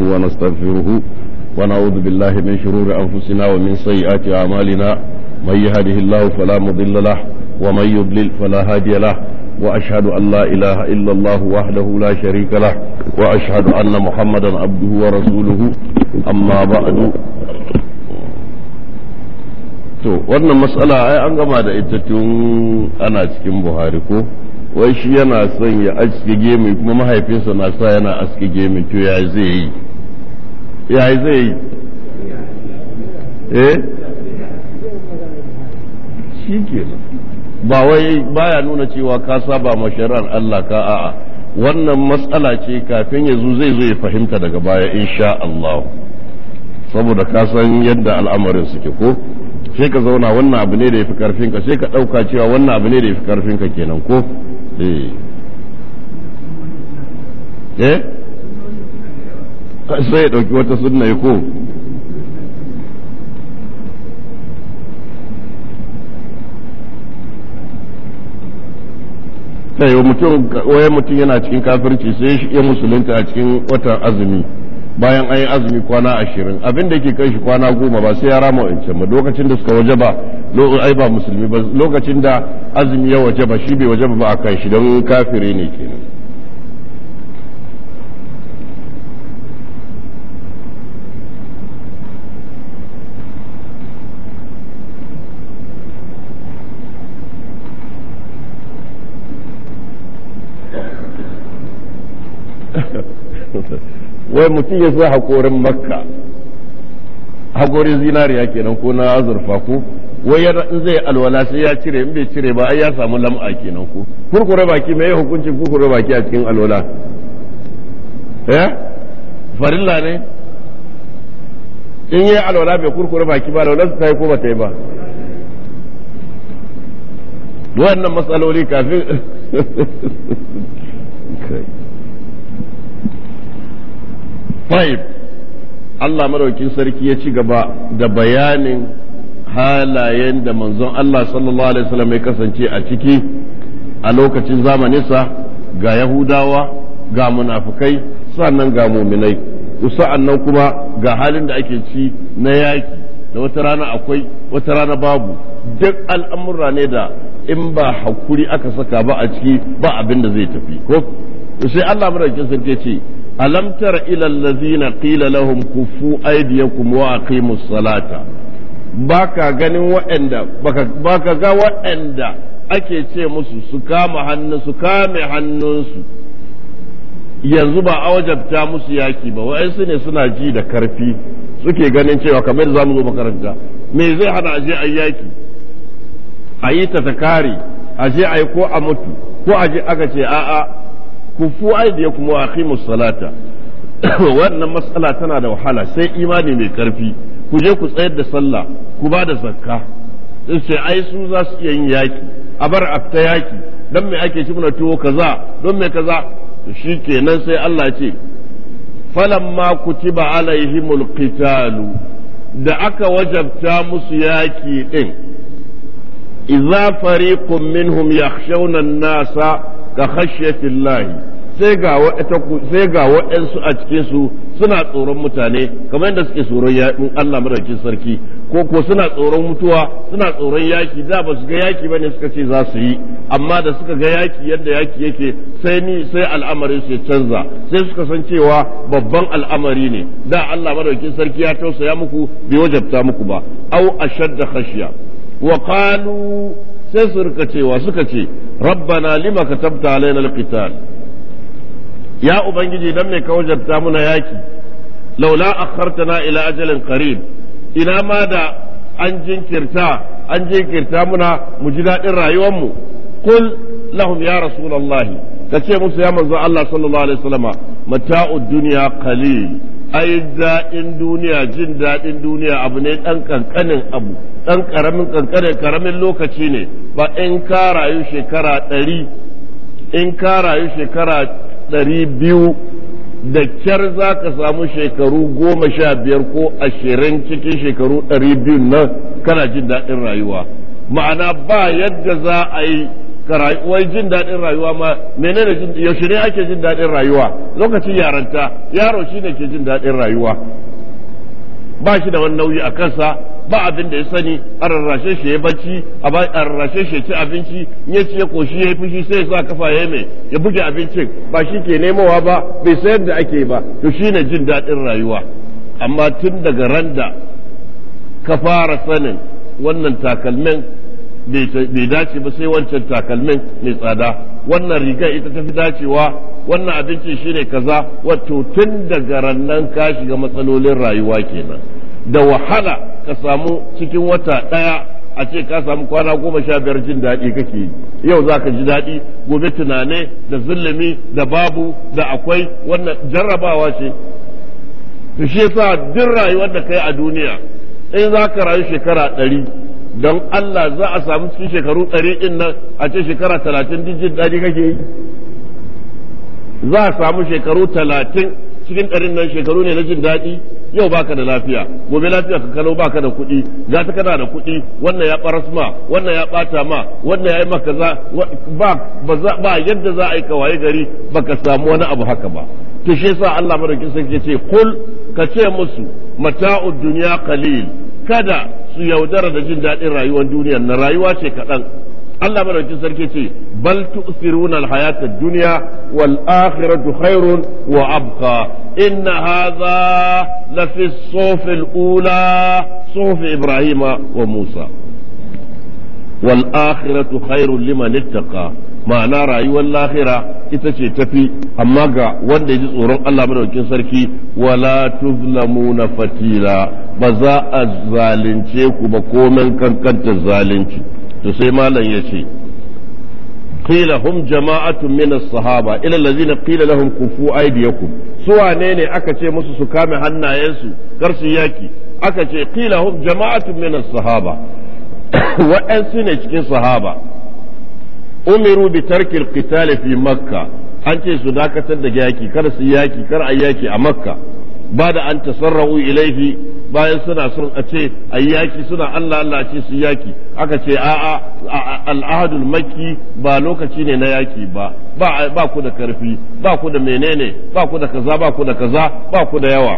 نحمده ونستغفره ونعوذ بالله من شرور أنفسنا ومن سيئات أعمالنا من يهده الله فلا مضل له ومن يضلل فلا هادي له وأشهد أن لا إله إلا الله وحده لا شريك له وأشهد أن محمدا عبده ورسوله أما بعد to wannan matsala ai an gama da ita tun ana cikin buhari ko wai shi yana son ya aske gemi kuma mahaifinsa na sa yana aske gemi to ya zai yi yi zai yi eh shi ke ba wai baya nuna cewa ka saba ma shari'ar Allah ka a'a wannan matsala ce kafin ya zo zai zo ya fahimta daga baya insha Allah saboda ka san yadda al'amarin suke ko sai ka zauna wannan abu ne da ya fi karfin ka sai ka ɗauka cewa wannan abu ne da ya fi karfin ka kenan ko eh, eh? sai ya ɗauki wata sunna ko sai yau mutum waye mutum yana cikin kafirci sai shi ya musulunta a cikin wata azumi bayan an yi azumi kwana ashirin abin da ke kai shi kwana goma ba sai ya rama wancan ba lokacin da suka waje ba ai ba musulmi ba lokacin da azumi ya waje ba shi bai waje ba a kan shi don kafire ne kenan wai mutum ya sa hakorin makka hakorin zinariya kenan ko na azurfa ko wai in zai alwala sai ya cire in bai cire ba ai ya samu lam'a kenan ko kurkure baki mai hukuncin kurkure baki a cikin alwala eh farilla ne in yi alwala bai kurkure baki ba alwala ta yi ko ba ta yi ba wannan matsaloli kafin طيب Allah maraukin sarki ya ci gaba da bayanin halayen da manzon Allah sallallahu Alaihi wasallam ya kasance a ciki a lokacin zamaninsa ga Yahudawa ga munafukai sannan ga muminai sa'annan kuma ga halin da ake ci na yaki da wata rana akwai wata rana babu duk al'amura ne da in ba hakuri aka saka ba a ciki ba abin da zai tafi ko sai Allah maraukin sarki ya ce alam tara ila allazina qila lahum kuffu aydiyakum wa aqimus salata baka ganin waɗanda baka ga waɗanda ake ce musu su kama hannu su kame hannunsu yanzu ba a wajabta musu yaki ba wa'ansu ne suna ji da karfi suke ganin cewa kamar za mu zo makaranta me zai hana je a yaki a yi ta kare aje a yi ko a mutu ko aje aka ce a'a kufu kuma wa aqimu salata wannan matsala tana da wahala sai imani mai karfi ku je ku tsayar da sallah ku ba da zakka in ce ai su za su iya yin yaki a bar afta yaki don me ake ci muna tuwo kaza don me kaza shi kenan sai Allah ce falamma kutiba alaihimul qitalu da aka wajabta musu yaki din idza fariqun minhum yakhshawna an-nasa ka khashiyatillahi sai ga sai ga waɗansu a cikin su suna tsoron mutane kamar yadda suke tsoron in Allah madaukakin sarki ko ko suna tsoron mutuwa suna tsoron yaki da ba su ga yaki bane suka ce za su yi amma da suka ga yaki yadda yaki yake sai ni sai al'amarin su canza sai suka san cewa babban al'amari ne da Allah madaukakin sarki ya tausaya muku bai wajabta muku ba au ashadda khashiya wa qalu sai su rika cewa suka ce rabbana lima katabta alaina alqital ya ubangiji dan me ka wajabta muna yaki laula a kartana ila ajalin qarib ina ma da an jinkirta an jinkirta muna mu ji daɗin rayuwarmu qul lahum ya rasulullahi ka ce musu ya manzo Allah sallallahu alaihi wasallama mata'ud dunya qalil ai daɗin duniya jin daɗin duniya abu ne ɗan ƙanƙanin abu ɗan ƙaramin ƙanƙanin ƙaramin lokaci ne ba in ka rayu shekara ɗari in ka rayu shekara ɗari biyu da kyar za ka samu shekaru goma sha biyar ko ashirin cikin shekaru ɗari biyu nan kana jin daɗin rayuwa ma'ana ba yadda za a yi wai jin daɗin rayuwa ma menene yaushe ne ake jin daɗin rayuwa lokacin yaranta yaro shi ne ke jin daɗin rayuwa ba shi da wani nauyi a kansa ba abin da ya sani a rarrashe shi ya bacci a rarrashe shi ya ci abinci ya ci ya koshi ya yi fushi sai ya sa kafa ya mai ya buge abincin ba shi ke nemowa ba bai sayar da ake ba to shi ne jin daɗin rayuwa amma tun daga ran da ka fara sanin wannan takalmin bai dace ba sai wancan takalmin mai tsada wannan riga ita ta fi dacewa wannan abinci shine kaza wato tun daga nan ka shiga matsalolin rayuwa kenan da wahala ka samu cikin wata ɗaya a ce ka samu kwana goma sha biyar jin daɗi kake yi yau za ka ji daɗi gobe tunane da zulumi da babu da akwai wannan jarrabawa ce to shi yasa duk rayuwar da kai a duniya in za ka rayu shekara ɗari don Allah za a samu cikin shekaru ɗari in nan a ce shekara talatin jin daɗi kake yi za a samu shekaru talatin cikin ɗarin nan shekaru ne na jin daɗi yau baka da lafiya gobe lafiya ka kalau baka da kuɗi za ta kana da kuɗi wannan ya ɓaras ma wannan ya ɓata ma wannan ya yi maka za ba ba yadda za a yi kawaye gari ba ka samu wani abu haka ba to shi yasa Allah madaukin sarki ce kul ka ce musu mata'u dunya qalil kada su yaudara da jin daɗin rayuwar duniyar na rayuwa ce kaɗan Allah madaukakin sarki ce bal tu'siruna al-hayata ad-dunya wal akhiratu khairun wa abqa inna hadha la fi as-suf al-ula suf ibrahima wa musa wal akhiratu khairun liman ittaqa ma'ana rayuwar lahira ita ce tafi amma ga wanda ya ji tsoron Allah madaukakin sarki wala tuzlamuna fatila ba za a zalunce ku ba komai kankantar zalunci to sai malam ya ce qila hum jama'atun min as-sahaba ila allazina qila lahum kufu aydiyakum su ne ne aka ce musu su kame hannayensu, su kar su yaki aka ce qila hum jama'atun min as-sahaba wa an cikin sahaba umiru bi tarkil qital fi makkah an ce su dakatar da yaki kar su yaki kar a yaki a makkah ba da an tasarrafu ilaihi bayan suna son a ce a yi yaki suna Allah Allah ce su yaki aka ce a'a al'adun makki ba lokaci ne na yaki ba ba ku da karfi ba ku da menene ba ku da kaza ba ku da kaza ba ku da yawa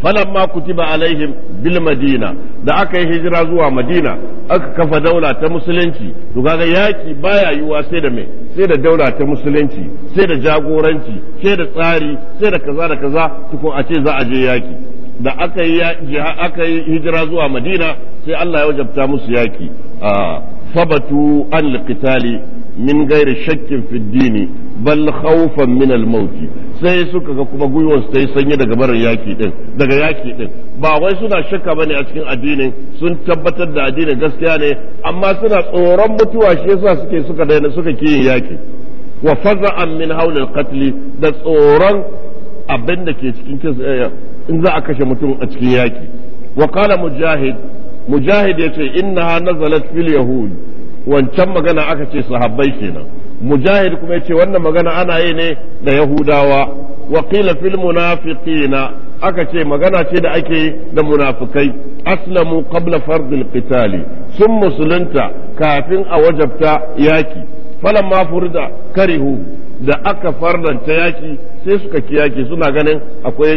falamma kutiba alaihim bil madina da aka yi hijira zuwa madina aka kafa daula ta musulunci to kaga yaki baya wa sai da me sai da daula ta musulunci sai da jagoranci sai da tsari sai da kaza da kaza tukun a ce za a je yaki da aka yi aka yi hijira zuwa madina sai Allah ya wajabta musu yaki fabatu an liqitali min gairi shakkin fi bal khawfan min al sai suka ga kuma gwiwar su ta yi sanyi daga barin yaki din daga yaki din ba wai suna shakka bane a cikin addinin sun tabbatar da addinin gaskiya ne amma suna tsoron mutuwa shi yasa suke suka daina suka kiyin yaki wa faza'an min haulil qatl da tsoron abin ke cikin eh, in za a kashe mutum a cikin yaki wa kala mujahid mujahid yace innaha nazalat fil yahud wancan magana aka ce sahabbai kenan mujahid kuma ya ce wannan magana ana yi ne da yahudawa wa qila fil munafiqina aka ce magana ce da ake da munafikai aslamu kabla, fardil qitali sun musulunta kafin a wajabta yaki falan ma furda karihu da aka fardanta yaki sai suka ki yaki suna ganin akwai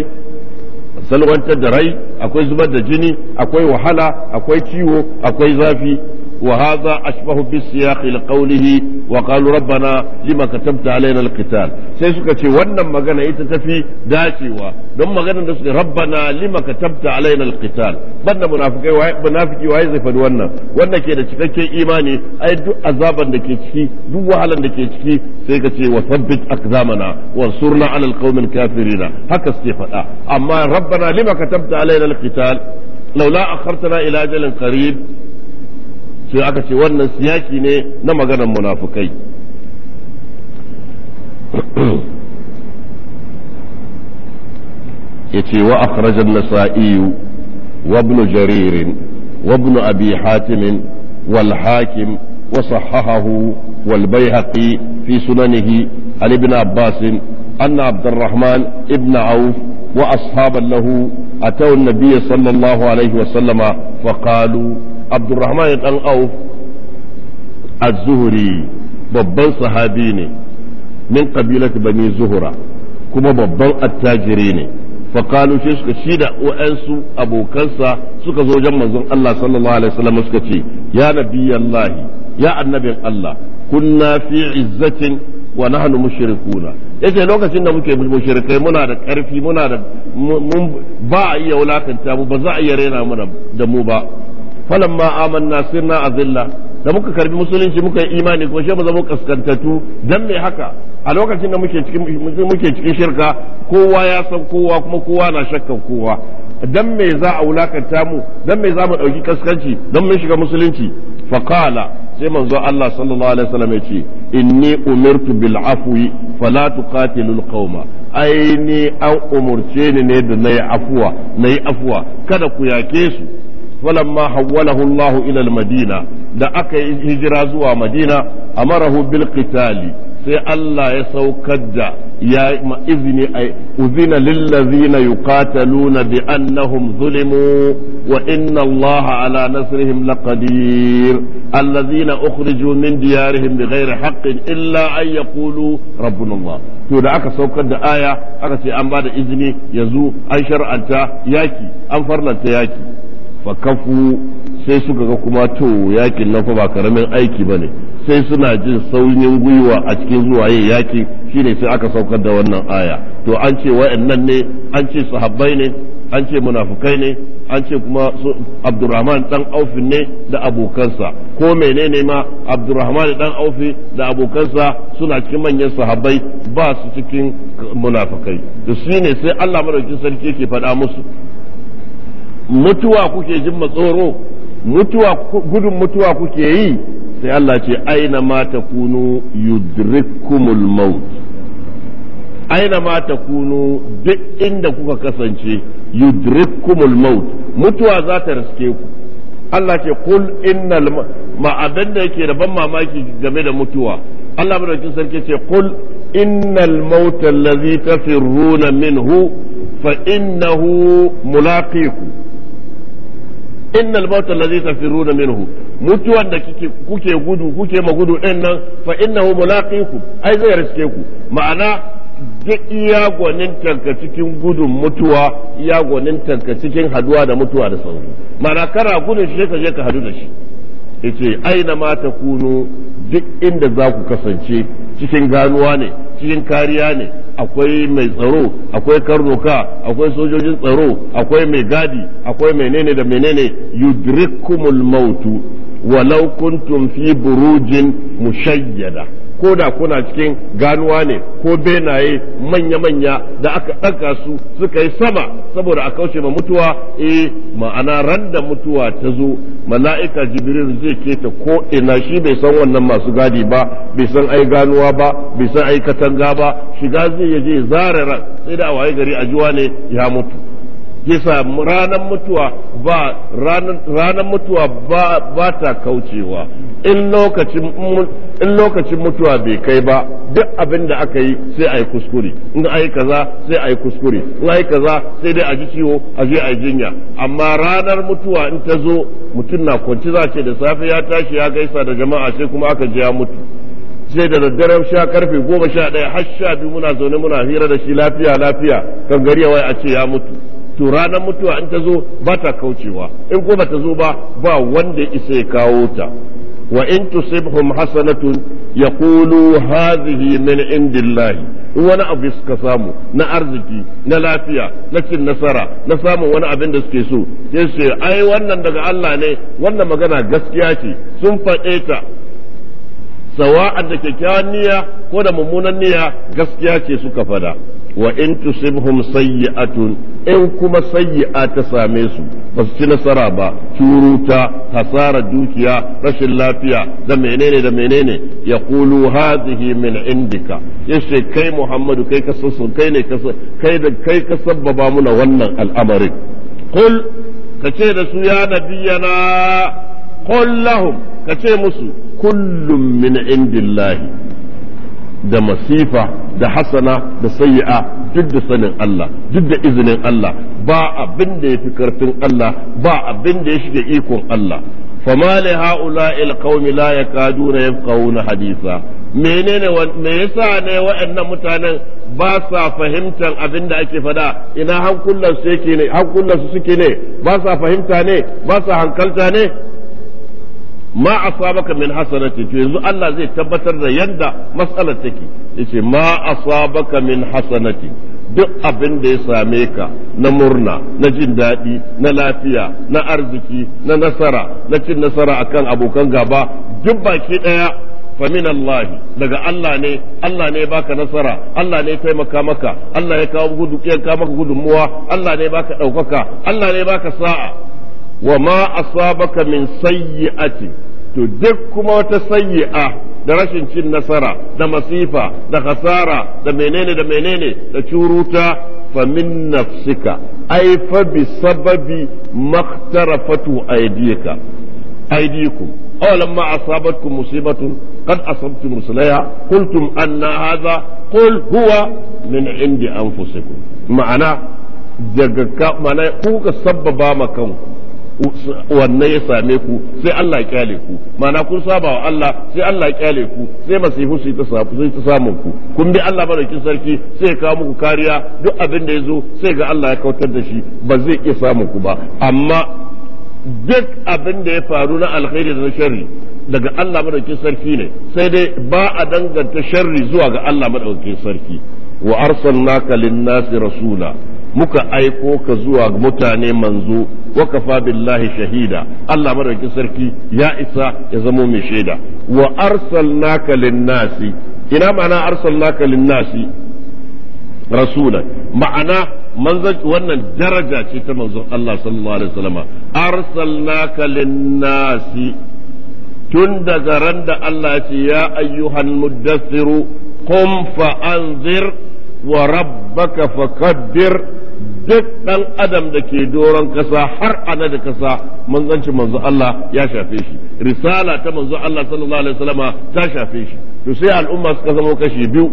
salwantar da rai akwai zubar da jini akwai wahala akwai ciwo akwai zafi وهذا أشبه بالسياق لقوله وقالوا ربنا لما كتبت علينا القتال سيسكة وانا مغانا يتتفي داشوا دم مغانا ربنا لما كتبت علينا القتال بنا منافقي منافقي وعيزي فدوانا وانا كده تكاكي إيماني أي دو أزابا دكيتكي دو وحلا دكيتكي سيكة وثبت أقدامنا وانصرنا على القوم الكافرين هكا استفاء أما ربنا لما كتبت علينا القتال لولا أخرتنا إلى أجل قريب sai aka ce wannan siyaki ne na maganar munafukai yace wa akhraj nasa'iyu nasai wa ibn jaririn wa abi hatim wal hakim wa sahahahu wal bayhaqi fi sunanihi ali ibn abbas anna abd الرحمن ibn auf واصحابا له اتوا النبي صلى الله عليه abdurrahman ɗan auf az-zuhri babban sahabi ne min qabilati bani zuhra kuma babban attajiri ne faƙalu shi suka shi da wa'ansu abokansa suka zo wajen manzon Allah sallallahu alaihi wasallam suka ce ya nabiyallahi ya annabin Allah kunna fi izzatin wa nahnu mushrikuna yace lokacin da muke mushrikai muna da ƙarfi muna da ba a iya wulakanta mu ba za a iya rena mu da mu ba falamma amanna sirna azilla da muka karbi musulunci muka yi imani ko shi mu zama kaskantatu dan me haka a lokacin da muke cikin muke cikin shirka kowa ya san kowa kuma kowa na shakkan kowa dan me za a wulakanta mu dan me za mu dauki kaskanci dan mun shiga musulunci qala sai manzo Allah sallallahu alaihi wasallam ya ce inni umirtu bil afwi fala tuqatilul qauma ai ni an umurce ni ne da nayi afwa nayi afuwa kada ku yake su falamma hawwalahu Allah ila al-Madina da aka yi hijira zuwa Madina a marahu bilkitali sai Allah ya saukar da ya izini ai uzina lillazina na bi annahum zulimu wa inna Allah ala nasrihim laqadir allazina ukhriju min diyarihim bighairi haqqin illa an yaqulu rabbuna Allah to da aka saukar da aya aka ce an bada izini yanzu an shar'anta yaki an farlanta yaki fakafu sai suka ga kuma to yakin nan fa ba karamin aiki bane sai suna jin sauyin gwiwa a cikin zuwa yin yaki shine sai aka saukar da wannan aya to an ce wa'annan ne an ce sahabbai ne an ce munafukai ne an ce kuma abdurrahman dan aufi ne da abokansa ko menene ma abdurrahman dan aufi da abokansa suna cikin manyan sahabbai ba su cikin munafukai da shi ne sai allah madaukin sarki yake faɗa musu mutuwa kuke jin matsoro mutuwa gudun mutuwa kuke yi sai Allah ce aina ma takunu yudrikkumul maut aina ma takunu duk inda kuka kasance yudrikkumul maut mutuwa za ta riske ku Allah ce kul innal ma abin da yake da ban mamaki game da mutuwa Allah madaukakin sarki ce kul innal mauta allazi tafirruna minhu fa innahu mulaqiku innal mautal allazi tafiruna minhu mutuwan da kike kuke gudu kuke magudu din nan fa innahu mulaqikum ai zai riske ku ma'ana duk iya gonin tanka cikin gudun mutuwa iya gonin tanka cikin haduwa da mutuwa da sauri ma'ana kara gudun shi ka je ka hadu da shi yace aina ma takunu duk inda za ku kasance cikin ganuwa ne cikin kariya ne akwai mai tsaro akwai karnuka akwai sojojin tsaro akwai mai gadi akwai menene da menene yudrikumul mautu walau kuntum fi burujin mushayyada ko da kuna cikin ganuwa ne ko benaye manya-manya da aka ɗaga su suka yi sama saboda a kauce ma mutuwa eh ma'ana ran da mutuwa ta zo mala'ika jibril zai keta ko ina shi bai san wannan masu gadi ba bai san ai ganuwa ba bai san ai katanga ba shiga zai yaje zara ran sai da waye gari a ne ya mutu ya ranar mutuwa ba ranar mutuwa ba ta kaucewa in lokacin mutuwa bai kai ba duk abin da aka yi sai a kuskure in a kaza sai a kuskure in a kaza sai dai a ji ciwo a je a jinya amma ranar mutuwa in ta zo mutum na kwanci za ce da safe ya tashi ya gaisa da jama'a sai kuma aka je ya mutu sai da daddare sha karfe goma sha ɗaya har sha biyu muna zaune muna hira da shi lafiya lafiya kan gari ya wai a ce ya mutu to ranar mutuwa in ta zo ba ta kaucewa in ko ba ta zo ba ba wanda ya isa ya kawo ta wa in tusibhum hasanatun yaqulu hadhihi min indillahi wani abu suka samu na arziki na lafiya na cin nasara na samun wani abin da suke so sai su ai wannan daga Allah ne wannan magana gaskiya ce sun faɗe ta sawa'an da kyakkyawan niyya ko da mummunan niyya gaskiya ce suka fada wa in tusibhum sayyi'atun in kuma sayyi'a ta same su ba su ci nasara ba turuta hasara dukiya rashin lafiya da menene da menene ya kulu hadhihi min indika yace kai muhammadu kai sun kai ne kai da kai ka sabbaba muna wannan al'amarin qul kace da su ya nabiyana qul lahum ka ce musu kullum min indillahi da masifa da hasana da sayi'a duk da sanin Allah duk da izinin Allah ba abin da ya fi karfin Allah ba abin da ya shiga ikon Allah fama li ha'ula'il qaumi la yakaduna yafqahuna hadisa menene me yasa ne waɗannan mutanen ba sa fahimtar abin da ake fada ina hankulan yake ne hankulan suke ne ba sa fahimta ne ba sa hankalta ne ma asabaka min hasanatin to yanzu Allah zai tabbatar da yanda matsalar take yace ma asabaka min hasanati duk abin da ya same ka na murna na jin daɗi na lafiya na arziki na nasara na cin nasara akan abokan gaba duk baki ɗaya famin Allah daga Allah ne Allah ne baka nasara Allah ne taimaka maka Allah ya kawo gudu ya kawo maka gudunmuwa Allah ne baka ɗaukaka Allah ne baka sa'a wa ma asabaka min sayyi'ati to duk kuma wata sayyi'a da rashin cin nasara da masifa da khasara da menene da menene da curuta fa min nafsika ai fa bi sababi maktarafatu aydika aydikum aw lamma asabatkum musibatu qad asabtum muslaya qultum anna hadha qul huwa min indi anfusikum ma'ana daga ka ma'ana ku ka sabbaba ma kanku wannan ya same ku sai Allah ya kyale ku mana kun saba wa Allah sai Allah ya kyale ku sai masifu su ta samu ta samu ku kun bi Allah madaukin sarki sai ya kawo muku kariya duk abin da ya sai ga Allah ya kautar da shi ba zai iya samu ku ba amma duk abin da ya faru na alkhairi da na sharri daga Allah madaukakin sarki ne sai dai ba a danganta sharri zuwa ga Allah madaukakin sarki wa arsalnaka lin-nasi rasula muka aiko ka zuwa mutane manzo wa kafa billahi shahida Allah madaukakin sarki ya isa ya zamo mai shaida wa arsalnaka linnasi ina ma'ana arsalnaka linnasi rasulan ma'ana manzon wannan daraja ce ta manzon Allah sallallahu alaihi wasallama arsalnaka linnasi tun daga ran da Allah ce ya ayyuhan muddathiru qum fa anzir wa rabbaka fakabbir duk ɗan adam da ke doron kasa har ana da kasa manzancin manzo Allah ya shafe shi risala ta manzo Allah sallallahu alaihi wasallama ta shafe shi to sai al'umma suka zama kashi biyu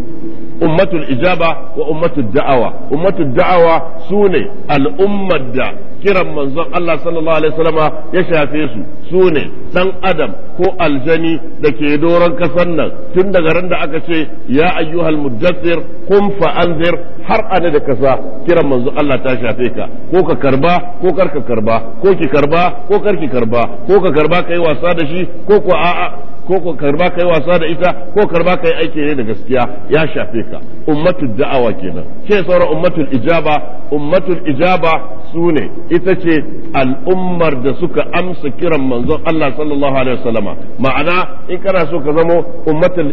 ummatul ijaba wa ummatul da'awa ummatul da'awa sune al'ummar da kiran manzon Allah sallallahu alaihi wasallama ya shafe su sune dan adam ko aljani da ke doron kasan nan tun daga ran da aka ce ya ayyuhal muddathir qum fa anzir har ana da kasa kiran manzon Allah ta shafe ka ko ka karba ko kar karba ko ki karba ko kar karba ko ka karba kai wasa da shi ko ko a'a ko ko karba kai wasa da ita ko karba kai aiki ne da gaskiya ya shafe ka ummatul da'awa kenan ce sauran ummatul ijaba ummatul ijaba sune ita ce al'ummar da suka amsa kiran manzon Allah sallallahu alaihi ma'ana in kana so ka zamo ummatul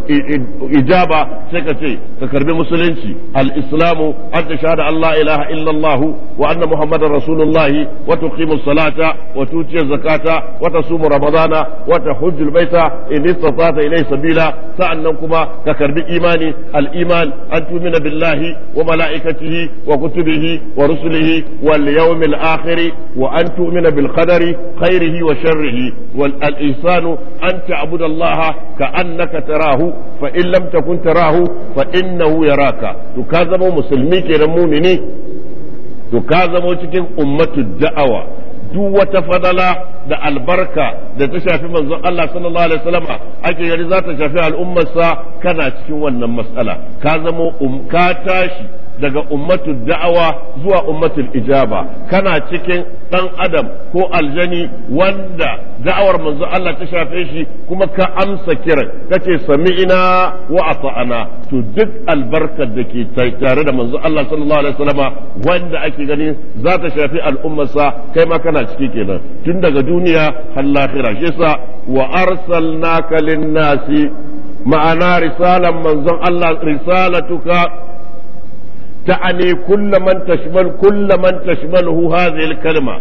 ijaba sai ka ce ka karbi musulunci al-islamu an tashhada Allah ilaha illa wa anna muhammadar rasulullah wa tuqimu salata wa tuti zakata wa tasumu ramadana wa tahujju baita istata ilai sabila sa'annan kuma ka karbi imani al-iman an tumina billahi wa malaikatihi wa kutubihi wa rusulihi wal yawmil akhir wa an tumina bil qadari khairihi wa sharrihi wal al-ihsanu ka annaka Allah ka'annaka fa in lam takun tarahu fa innahu yaraka to ka zama musulmi kenan mumini to ka zama cikin ummatu da'awa duk wata fadala da albarka da ta shafi manzon Allah sallallahu alaihi wasallama ake gari za ta shafi al'ummarsa kana cikin wannan matsala ka zama um ka tashi daga ummatu da'awa zuwa ummatul ijaba kana cikin dan adam ko aljani wanda da'awar manzo Allah ta shafe shi kuma ka amsa kiran kace sami'ina wa ata'ana to duk albarkar da ke tare da manzo Allah sallallahu alaihi wasallama wanda ake gani za ta shafi al'ummarsa kai ma kana ciki kenan tun daga duniya har lahira shi yasa wa arsalnaka lin-nasi ma'ana risalan manzon Allah risalatuka تعني كل من تشمل كل من تشمله هذه الكلمة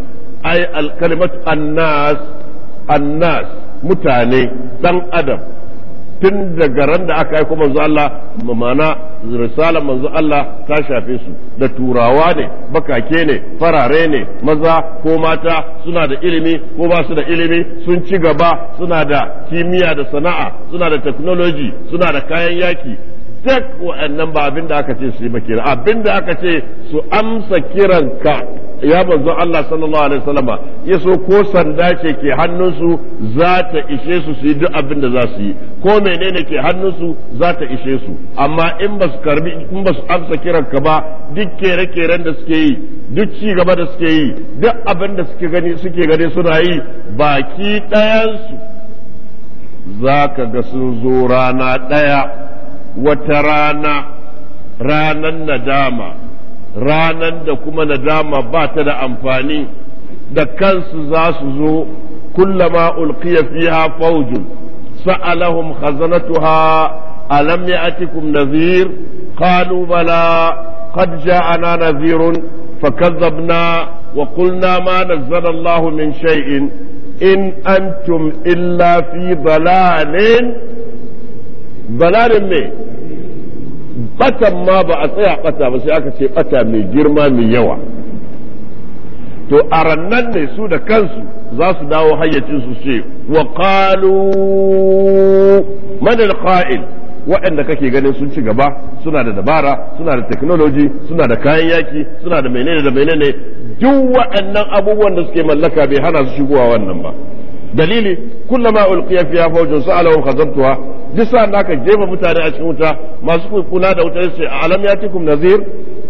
أي الكلمة الناس الناس متاني دم أدم tun daga ran da aka aiko manzo Allah ma'ana risalar manzo Allah ta shafe su da turawa ne bakake ne farare ne maza ko mata suna da ilimi ko ba su da ilimi sun ci gaba suna da kimiyya da sana'a suna da technology suna da kayan yaki cek wa'annan ba abin da aka ce su yi ba kenan abin da aka ce su amsa kiranka ya manzo Allah sallallahu alaihi wasallama ya so ko sanda ce ke hannunsu za ta ishe su su yi duk abin da za su yi ko menene ke hannunsu za ta ishe su amma in ba su karbi in ba su amsa kiranka ba duk kere-keren da suke yi duk ci gaba da suke yi duk abin da suke gani suke gani suna yi baki ɗayansu za ka ga sun zo rana ɗaya wata rana ranan nadama ranan da kuma nadama ba ta da amfani da kansu za su zo kullama ulqiya fiha fawjun sa'alahum khazanatuha alam ya'tikum nadhir qalu bala qad ja'ana nadhirun فكذبنا وقلنا ما نزل الله من شيء إن أنتم إلا في ضلال balarin mai batan ma ba a tsaya bata ba sai aka ce bata mai girma mai yawa to a rannan ne su da kansu za su dawo hayyacin su ce wa qalu man al waɗanda kake ganin sun ci gaba suna da dabara suna da technology suna da kayan yaki suna da menene da menene duk waɗannan abubuwan da suke mallaka bai hana su shigowa wannan ba dalili kullama ulqiya fiha fawjun sa'alahu khazantuha duk sa'an da jefa mutane a cikin wuta masu kuna da wuta sai a alam ya yatikum nazir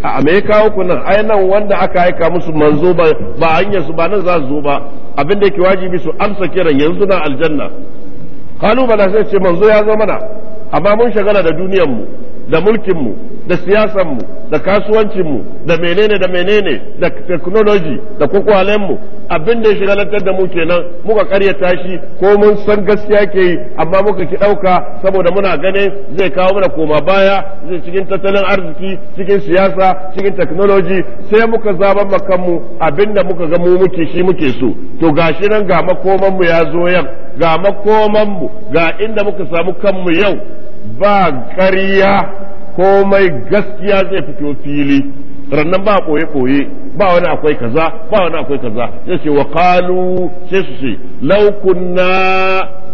a me ya kawo ku nan ai wanda aka aika musu manzo ba ba hanyar su ba nan za su zo ba abin da yake wajibi su amsa kiran yanzu na aljanna kalu bala sai ce manzo ya zo mana amma mun shagala da duniyar mu da mulkinmu da siyasanmu da kasuwancinmu da menene da menene da technology da kwakwalenmu abin da ya shigalatar da mu kenan muka karyata shi ko mun san gaskiya ke yi amma muka ki ɗauka saboda muna ganin zai kawo mana koma baya zai cikin tattalin arziki cikin siyasa cikin technology sai muka zaben makanmu abin da muka ga mu muke shi muke so to gashi nan ga makomanmu ya zo yau ga makomanmu ga inda muka samu kanmu yau ba ƙarya komai gaskiya zai fito fili rannan ba koye-koye ba wani akwai kaza ba wani akwai kaza ya ce wa kalu sai su ce laukuna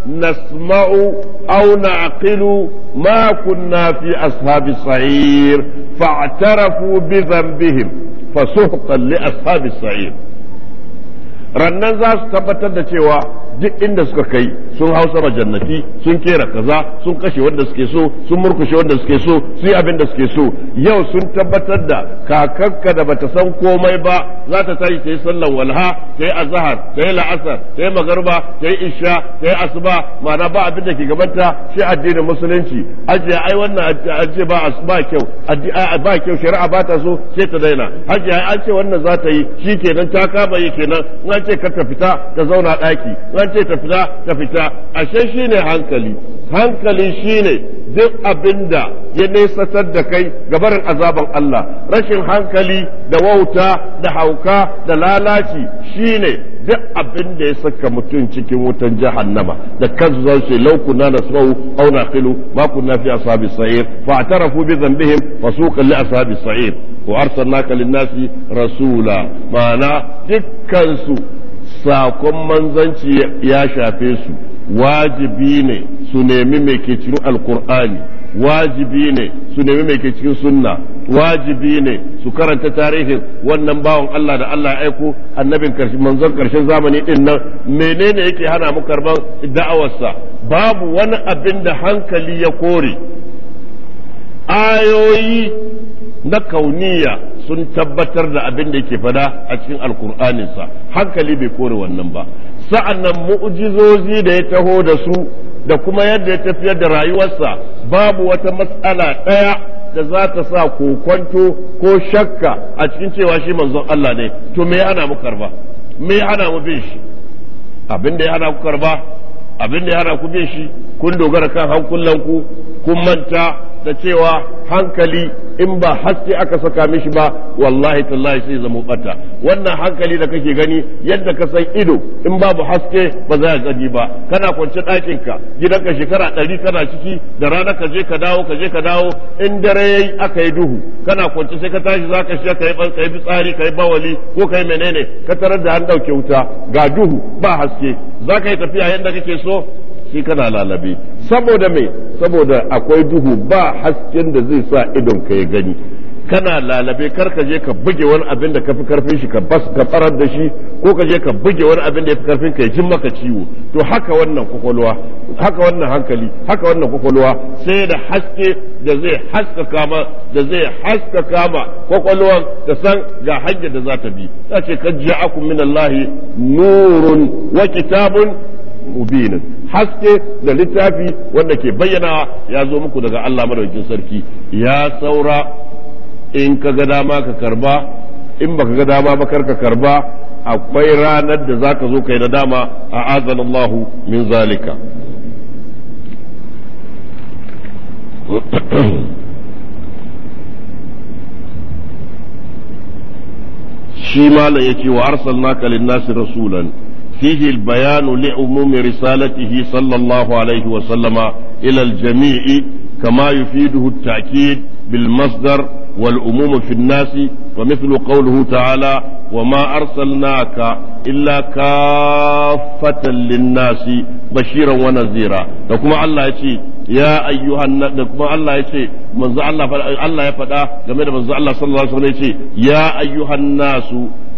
nasma'u au na'qilu ma kunna fi ashabi sa'ir fa'tarafu bi dhanbihim fasuhqan li ashabi sa'ir rannan za su tabbatar da cewa duk inda suka kai sun hau sama jannati sun kera kaza sun kashe wanda suke so sun murkushe wanda suke so su yi abin da suke so yau sun tabbatar da kakanka da bata san komai ba za ta tashi ta yi sallan walha ta yi azahar ta yi la'asar ta yi magarba ta yi isha ta yi asuba ma'ana ba abin da ke gabanta shi addinin musulunci ajiya ai wannan ajiya ba ba kyau ba kyau shari'a ba ta so sai ta daina ajiya an ce wannan za ta yi shi kenan ta kaba yi kenan an ce ka ta fita ka zauna ɗaki an ce ta fita ka fita ashe shine hankali hankali shine duk abinda ya nesatar da kai ga barin azaban Allah rashin hankali da wauta da hauka da lalaci shine duk abinda ya saka mutum cikin wutan jahannama da kansu zan ce lauku na nasrau aw naqilu ma kunna fi ashabi sa'ir fa bi dhanbihim fasuqan li ashabi sa'ir wa arsalnaka lin-nasi rasula ma'ana dukkan su sakon manzanci ya shafe su wajibi ne su nemi mai ke cikin alkur'ani wajibi ne su nemi mai ke cikin sunna wajibi ne su karanta tarihin wannan bawan Allah da Allah ya aiko annabin karshe manzon karshen zamani din nan menene yake hana mu karban da'awarsa babu wani abin da hankali ya kore ayoyi na kauniya sun tabbatar da abin da yake fada a cikin alkur'aninsa hankali bai kore wannan ba sa'annan mu'jizozi da ya taho da su da kuma yadda ya tafiyar da rayuwarsa babu wata matsala ɗaya da za ta sa kokonto ko shakka a cikin cewa shi manzon Allah ne to me ana mu karba me ana mu bin shi abin da ya ana ku karba abin da ya ana ku bin shi kun dogara kan hankulanku kun manta da cewa hankali in ba haske aka saka mishi ba wallahi tallahi sai zama bata wannan hankali da kake gani yadda ka san ido in babu haske ba za ka gani ba kana kwance ɗakin ka gidanka shekara ɗari kana ciki da rana ka je ka dawo ka je ka dawo in dare yayi aka yi duhu kana kwance sai ka tashi za ka shiga ka yi fitsari ka yi bawali ko ka menene ka tarar da an ɗauke wuta ga duhu ba haske za ka yi tafiya yadda kake so shi kana lalabe saboda me saboda akwai duhu ba hasken da zai sa idon ka ya gani kana lalabe kar ka je ka buge wani abin da ka fi karfin shi ka bas ka farar da shi ko ka je ka buge wani abin da ya fi karfin ka ya jin maka ciwo to haka wannan kwakwalwa haka wannan hankali haka wannan kwakwalwa sai da haske da zai haskaka ma da zai haskaka ma kwakwalwan ta san ga hanyar da za ta bi ta ce kad ja'akum min nurun wa kitabun mubin haske da littafi wanda ke bayyana ya zo muku daga Allah madaukin sarki ya saura in ka ga dama ka karba in baka ga dama ba karka karba akwai ranar da zaka zo kai dama a azanallahu min zalika shi malam ya ce wa arsalnaka lin-nasi rasulan فيه البيان لعموم رسالته صلى الله عليه وسلم إلى الجميع كما يفيده التأكيد بالمصدر والأموم في الناس ومثل قوله تعالى وما أرسلناك إلا كافة للناس بشيرا ونذيرا لكم الله يتي يا أيها الناس لكم الله يتي من الله الله يفدا كما من الله صلى الله عليه وسلم يا أيها الناس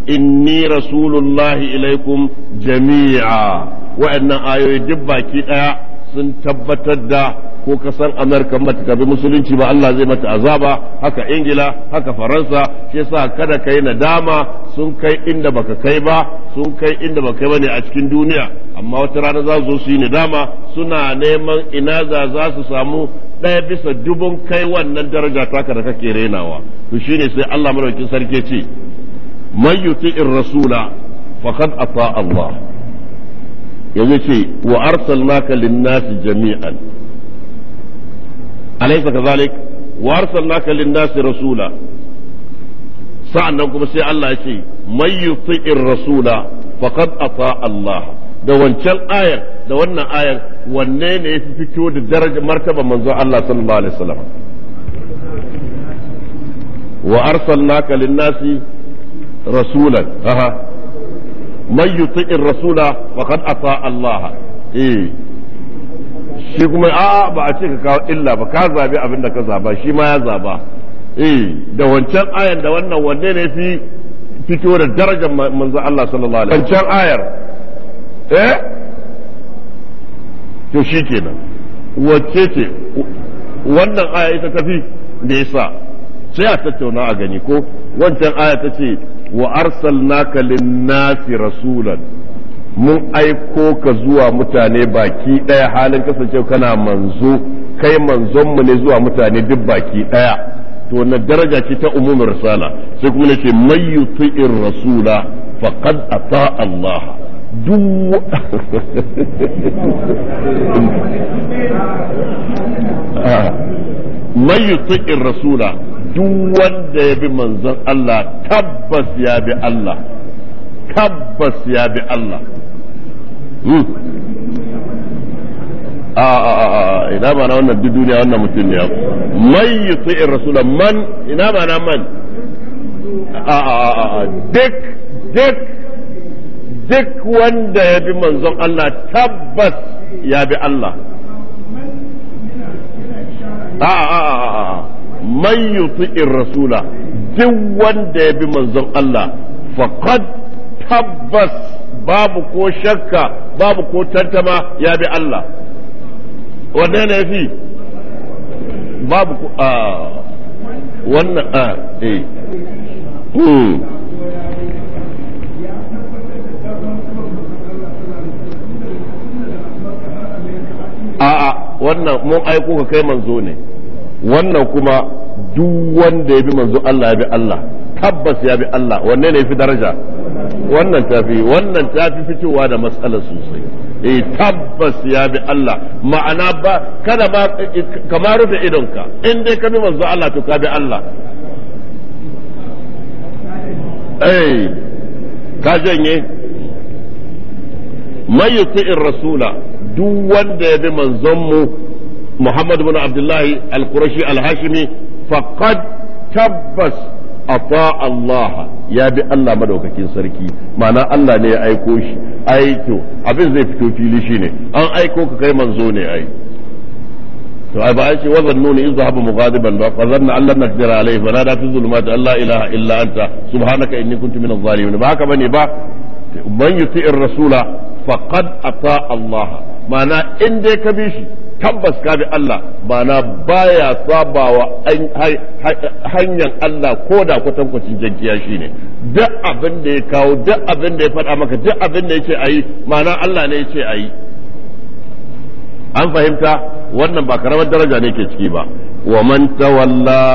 inni rasulullahi ilaikum jami'a wa'annan ayoyi duk baki daya sun tabbatar da ko kasan amurka mata bi musulunci ba Allah zai mata azaba haka ingila haka faransa shi yasa kada kai nadama sun kai inda baka kai ba sun kai inda baka kai ne a cikin duniya amma wata rana za su zo su yi nadama suna neman ina za za su samu ɗaya bisa dubun kai wannan daraja taka da kake renawa to shine sai Allah madaukin sarki ce man yuti'ir rasula faqad ata Allah yanzu ce wa arsalnaka lin-nasi jami'an alaysa kadhalik wa kuma sai Allah ya ce man yuti'ir rasula faqad ata Allah da wancan ayar da wannan ayar wanne ne ya fi fito da daraja martaba manzo Allah sallallahu alaihi wasallam wa arsalnaka lin rasulan ها من يطع الرسول فقد اطاع الله eh shi kuma a ba a ce ka kawo illa ba ka zabi abin da ka zaba shi ma ya zaba eh da wancan ayar da wannan wanne ne fi fito da darajar manzo Allah sallallahu alaihi wancan ayar eh to shi kenan. wacce ce wannan aya ita tafi da yasa sai a tattauna a gani ko wancan aya ta ce wa arsalnaka lin-nasi rasulan mun aiko ka zuwa mutane baki daya halin kasance kana manzo kai manzonmu ne zuwa mutane duk baki daya to na daraja ce ta umumin risala sai kuma nace may yuti'ir rasula faqad ata Allah duk ah. may yuti'ir rasula duk wanda ya bi manzon Allah tabbas ya bi Allah tabbas ya bi Allah hmm. a a a ina ba na wannan duniya wannan mutum ne man man ina ba na man a a a duk duk duk wanda ya bi manzon Allah tabbas ya bi Allah a a a man yuti'ir rasula duk wanda ya bi manzon Allah faqad tabbas babu ko shakka babu ko tantama ya bi Allah wanda ne fi babu ko a wannan a eh a'a wannan mun aiko ka kai manzo ne wannan kuma duk wanda ya bi manzo Allah ya bi Allah tabbas ya bi Allah wanne ne fi daraja wannan tafi wannan tafi fitowa da matsalar sosai eh tabbas ya bi Allah ma'ana ba kada ba kamar rufe idonka in dai ka bi manzo Allah to ka bi Allah eh ka janye mai yuti'ir rasula duk wanda ya bi manzon mu Muhammad bin Abdullahi al-Qurashi al-Hashimi Faƙad tabbas ata Allah ya bi Allah madaukakin sarki ma'ana Allah ne ya aiko shi aito abin zai fito fili shine an aiko ka kai manzo ne ai to ai ba a ce wazan nuni in zahaba mughadiban ba fa na Allah naqdir ba na da fi zulumati Allah ilaha illa anta subhanaka inni kuntu minaz zalimin ba haka bane ba man yuti'ir rasula faqad ata Allah ma'ana in dai ka bi shi tabbas ka bi Allah ma'ana baya sabawa hanyar Allah ko da kwatankwacin jajjiya shi ne duk abin da ya kawo duk abin da ya faɗa maka duk abin da ya ce a yi ma'ana Allah ne ya ce a yi an fahimta wannan ba karamar daraja ne ke ciki ba wa man tawalla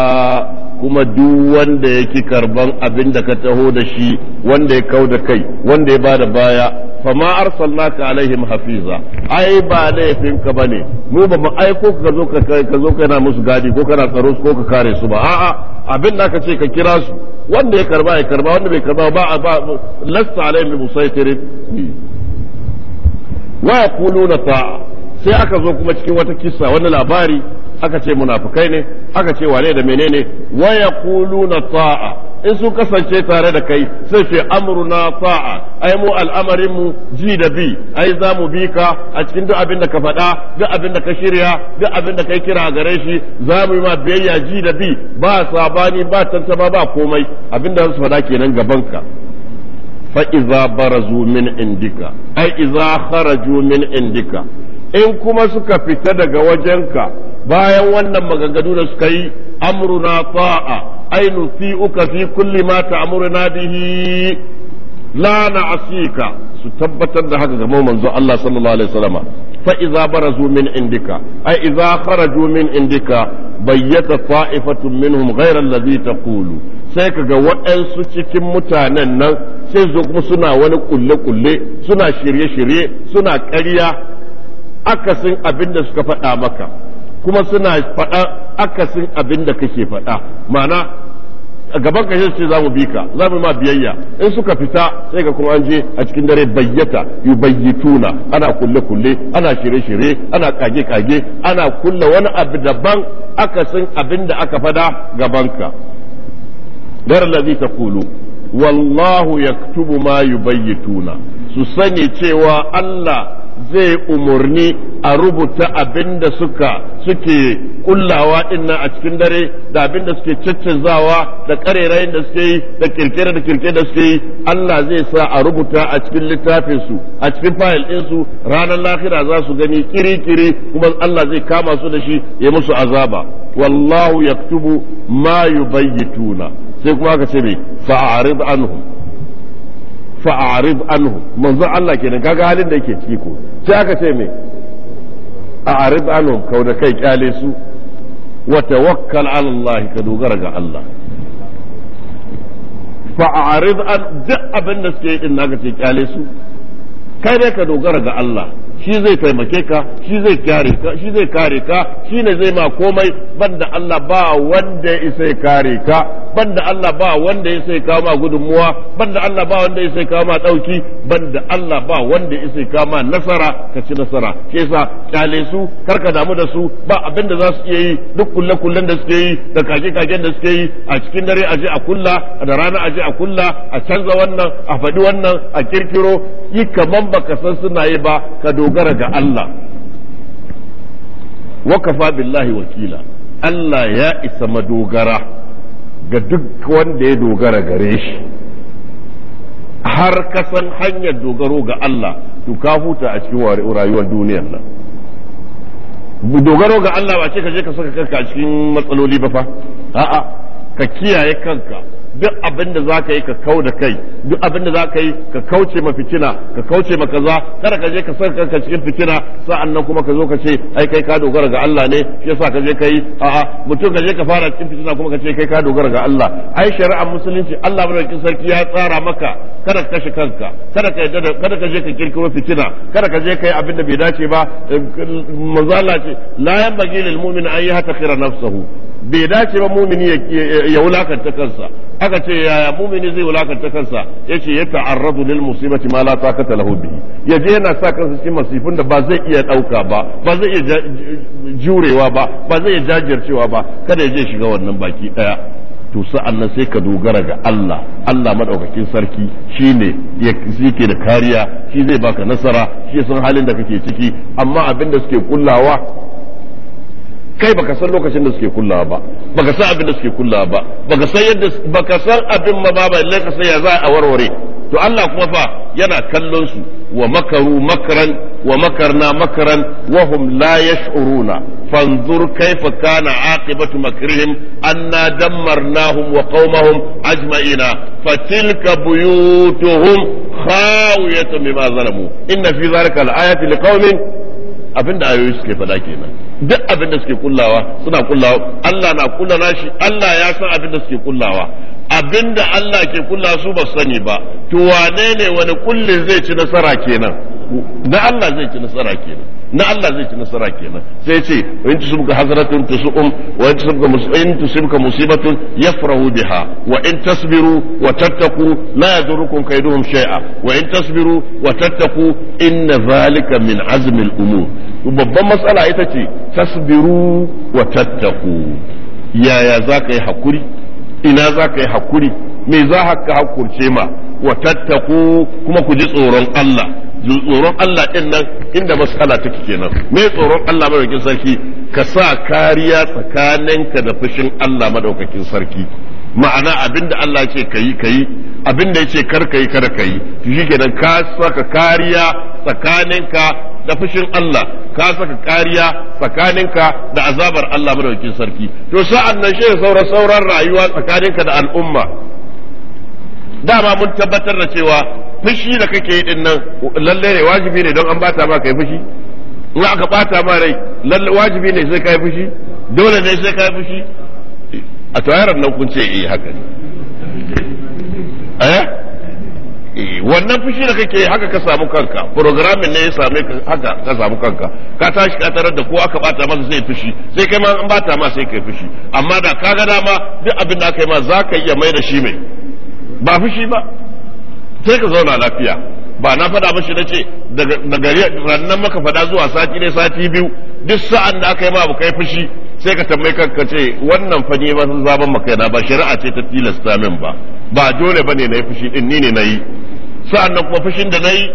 kuma duk wanda yake karban abin da ka taho da shi wanda ya kau da kai wanda ya bada baya fama arsalnaka alaihim hafiza ai ba laifin ka bane mu ba mu aiko ka zo ka ka zo kana musu gadi ko kana tsaro ko ka kare su ba a'a abin da ka ce ka kira su wanda ya karba ya karba wanda bai karba ba ba lasta alaihim musaitirin wa yaquluna ta sai aka zo kuma cikin wata kissa wani labari aka ce munafukai ne aka ce wane da menene wa yaquluna ta'a in sun kasance tare da kai sai ce amruna ta'a ai mu al'amarin mu ji da bi ai za mu bi ka a cikin duk abin da ka faɗa duk abin da ka shirya duk abin da kai kira gare shi za mu yi ma biyayya ji da bi ba sabani ba tantaba ba komai abin da su faɗa kenan gaban ka fa iza barazu min indika ai iza kharaju min indika in kuma suka fita daga wajenka bayan wannan maganganu da suka yi amruna ainu ai uka fi kulli ma ta'muruna bihi la na'sika su tabbatar da haka ga manzo Allah sallallahu alaihi wasallama fa idza barazu min indika ai idza kharaju min indika bayyata ta'ifatun minhum ghayra alladhi taqulu sai kaga waɗansu cikin mutanen nan sai zo kuma suna wani kulle-kulle suna shirye-shirye suna ƙarya akasin abin da suka faɗa maka kuma suna faɗa akasin abin da kake faɗa ma'ana gaban ka ce za mu bi ka za mu ma biyayya in suka fita sai ga kuma an je a cikin dare bayyata yu bayyituna ana kulle kulle ana shirye shirye ana kage kage ana kulle wani abu daban akasin abin da aka faɗa gaban ka dar allazi taqulu wallahu yaktubu ma yubayyituna su sani cewa Allah zai umarni a rubuta abin da suka suke kullawa inna a cikin dare da abin da suke caccanzawa da karerayin da suke yi da kirkira da kirkira da suke yi Allah zai sa a rubuta a cikin littafin su a cikin fayil din su ranar lahira za su gani kiri-kiri kuma Allah zai kama su da shi ya musu azaba wallahu yaktubu ma yubayyituna sai kuma ka ce me fa'arid anhum fa'arid anhum manzo Allah kenan kaga halin da yake ciki ko sai aka ce me a arid anhum kau da kai kyale su wa tawakkal ala Allah ka dogara ga Allah fa arid an duk abin da suke yi din naka ce kyale su kai dai ka dogara ga Allah shi zai taimake ka shi zai kare ka shi zai kare ka shi ne zai ma komai banda Allah ba wanda ya isa ya kare ka banda Allah ba wanda ya isa ya kama gudunmuwa banda Allah ba wanda ya isa ya kama dauki banda Allah ba wanda ya isa ya kama nasara ka ci nasara shi yasa kyale su karka damu da su ba abin da za su iya yi duk kulle kullen da suke yi da kake kaken da suke yi a cikin dare aje a kulla da rana aje a kulla a canza wannan a faɗi wannan a kirkiro yi kaman baka san suna yi ba ka dogara ga Allah billahi wakila Allah ya isa madogara ga duk wanda ya dogara gare shi har kasan hanyar dogaro ga Allah to ka huta a cikin rayuwar duniyar nan dogaro ga Allah ba ce ka je ka saka kanka a cikin matsaloli ba fa a'a ka kiyaye kanka duk abin da zaka yi ka kau da kai duk abin da zaka yi ka kauce ma fitina ka kauce ma kaza kada ka je ka saka kanka cikin fitina sa'an nan kuma ka zo ka ce ai kai ka dogara ga Allah ne yasa ka je kai a'a mutum ka je ka fara cikin fitina kuma ka ce kai ka dogara ga Allah ai shari'ar musulunci Allah madaukakin sarki ya tsara maka kada ka kashe kanka kada ka yadda kada ka je ka kirkiro fitina kada ka je kai abin da bai dace ba manzo ce la yanbaghi lil mu'min an yahtakira nafsuhu bai dace ba mumini ya wulakanta kansa aka ce yaya mumini zai wulakanta kansa yace ya ta'arradu lil musibati ma la taqata lahu bihi yaje yana sa kansa cikin masifin da ba zai iya dauka ba ba zai iya jurewa ba ba zai iya jajircewa ba kada ya je shiga wannan baki daya to sa'an nan sai ka dogara ga Allah Allah madaukakin sarki shine yake da kariya shi zai baka nasara shi san halin da kake ciki amma abinda suke kullawa kai baka san lokacin da suke kula ba baka san abin da suke kullawa ba baka san yadda baka san abin ma ba balle ka san ya za a warware to Allah kuma fa yana kallon su wa makaru makran wa makarna makran wa hum la yash'uruna fanzur kaifa kana aqibatu makrihim anna dammarnahum wa qaumahum ajma'ina fatilka buyutuhum khawiyatun bima zalamu inna fi dhalika al-ayati liqaumin abin da ayoyi suke faɗa kenan duk abin da suke kullawa suna kullawa Allah na nashi Allah ya san abin da suke kullawa abin da Allah ke kulla su ba sani ba to wane ne wani kullin zai ci nasara kenan na Allah zai ci nasara kenan na Allah zai ci nasara kenan sai ce wa in tusibka hasratun tusukum wa in tusibka in tusibka musibatun yafrahu biha wa in tasbiru wa tattaku la yadurukum kaiduhum shay'a wa in tasbiru wa tattaku inna zalika min azmi al-umur babban matsala ita ce tasbiru wa tattaku yaya za ka yi hakuri ina za ka yi hakuri me za ka hakurce ma wa tattaku kuma ku ji tsoron Allah tsoron Allah ɗin nan inda matsala take kenan me tsoron Allah madaukakin sarki ka sa kariya tsakaninka da fushin Allah madaukakin sarki ma'ana abinda Allah ce kayi kayi abinda yace kar kayi kar kayi shi kenan ka saka kariya tsakaninka da fushin Allah ka saka kariya tsakaninka da azabar Allah madaukakin sarki to sa'an nan shi sauran sauran rayuwa tsakaninka da al'umma dama mun tabbatar da cewa fushi da kake yi din nan lalle ne wajibi ne don an bata ma kai fushi in aka bata ma rai lalle wajibi ne sai kai fushi dole ne sai kai fushi a tawayarar nan kun ce eh haka ne eh, eh wannan fushi da kake haka ka samu kanka programming ne ya same ka haka ka samu kanka ka tashi ka tarar da ko aka bata masa sai fushi sai kai ma an bata ma sai kai fushi amma da ka dama duk abin da aka yi ma za ka iya mai da shi mai ba fushi ba sai ka zauna lafiya ba na faɗa mashi na ce daga rannan maka faɗa zuwa sati ne sati biyu duk sa'an da aka yi ma kai fushi sai ka tambayi kanka ce wannan fa ne ba zaben maka yana ba shari'a ce ta tilasta min ba ba dole bane na yi fushi din ni ne na yi sa'an nan kuma fushin da na yi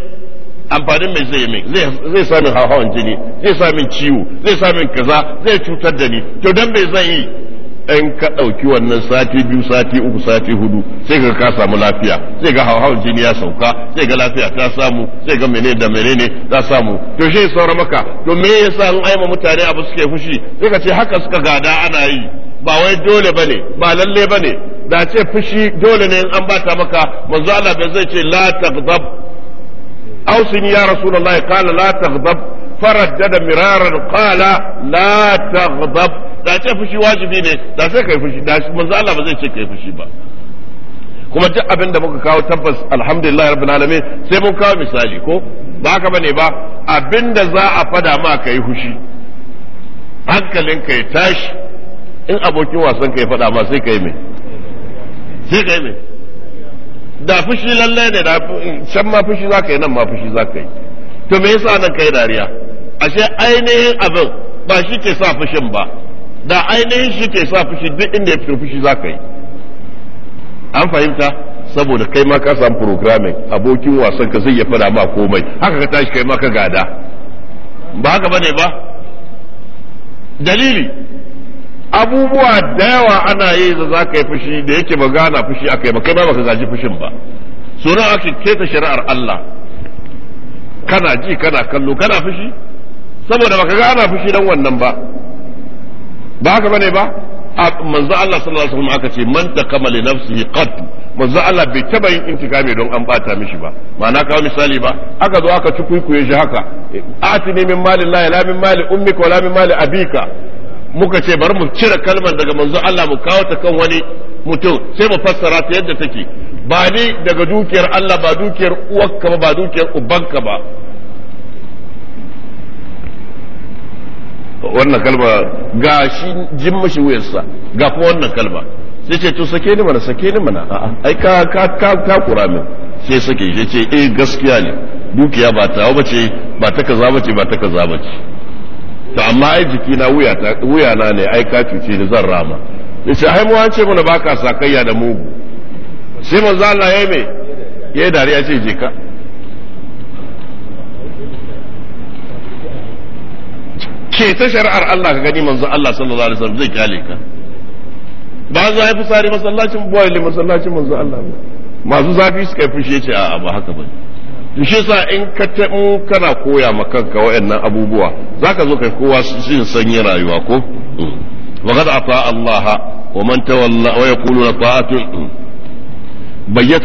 amfanin mai zai min zai sa min jini zai sa ciwo zai sa kaza zai cutar da ni to dan me zan yi in ka ɗauki wannan sati biyu sati uku sati hudu sai ga ka samu lafiya sai ga hauhawar jini ya sauka sai ga lafiya ta samu sai ga menene da menene ta samu to shi saura maka to me yasa in aima mutane abu suke fushi sai ka ce haka suka gada ana yi ba wai dole bane ba lalle bane da ce fushi dole ne in an bata maka manzo Allah bai zai ce la taghdab ausini ya rasulullahi qala la taghdab faraddada miraran qala la taghdab da ce fushi wajibi ne da sai kai fushi da manzo Allah ba zai ce kai fushi ba kuma duk abin da muka kawo tabbas alhamdulillah rabbil alamin sai mun kawo misali ko ba haka bane ba abinda za a fada ma kai fushi hankalin kai tashi in abokin wasan kai fada ma sai kai me sai kai me da fushi lallai ne da can ma fushi za ka yi nan ma fushi za ka yi to me yasa nan kai dariya ashe ainihin abin ba shi ke sa fushin ba da ainihin shi ke sa fushi duk inda ya fito fushi za ka yi an fahimta saboda kai ma ka samu programming abokin wasan ka zai ya fada ba komai haka ka tashi kai ma ka gada ba haka bane ba dalili abubuwa da yawa ana yi da za ka yi fushi da yake ba gana fushi aka yi ba kai ba baka gaji fushin ba sunan ake keta shari'ar Allah kana ji kana kallo kana fushi saboda baka ga ana fushi dan wannan ba ba haka bane ba a manzo Allah sallallahu alaihi wasallam aka ce man takama li nafsihi qad manzo Allah bai taba yin intikami don an bata mishi ba ma'ana kawo misali ba aka zo aka ci kuikuye shi haka atini min mali la la min mali ummika wala min mali abika muka ce bari mu cire kalmar daga manzo Allah mu kawo ta kan wani mutum sai mu fassara ta yadda take ba ni daga dukiyar Allah ba dukiyar uwarka ba dukiyar ubanka ba wannan kalma ga shi jin mashi wuyarsa ga kuma wannan kalma sai ce to sake ni mana sake ni mana a'a ai ka ka ka ka kura min sai sake shi ce eh gaskiya ne dukiya ba ta ba ce ba ta kaza ba ce ba ta kaza ba ce to amma ai jiki na wuya ta wuya na ne ai ka cuce ni zan rama sai ai mu an ce mana baka sakayya da mugu sai manzo Allah ya me yayi dariya ce je ka ce ta shari'ar Allah ka gani manzo Allah sallallahu alaihi wasallam zai kyale ka ba za ya fusari masallacin boyle masallacin manzo Allah masu zafi suka fushe ce a'a ba haka bane shi sa in ka ta in kana koya ma kanka wayannan abubuwa zaka zo kai kowa sun sanyi rayuwa ko hmm. wa qad ata Allah wa man tawalla wa yaquluna ta'atun بيت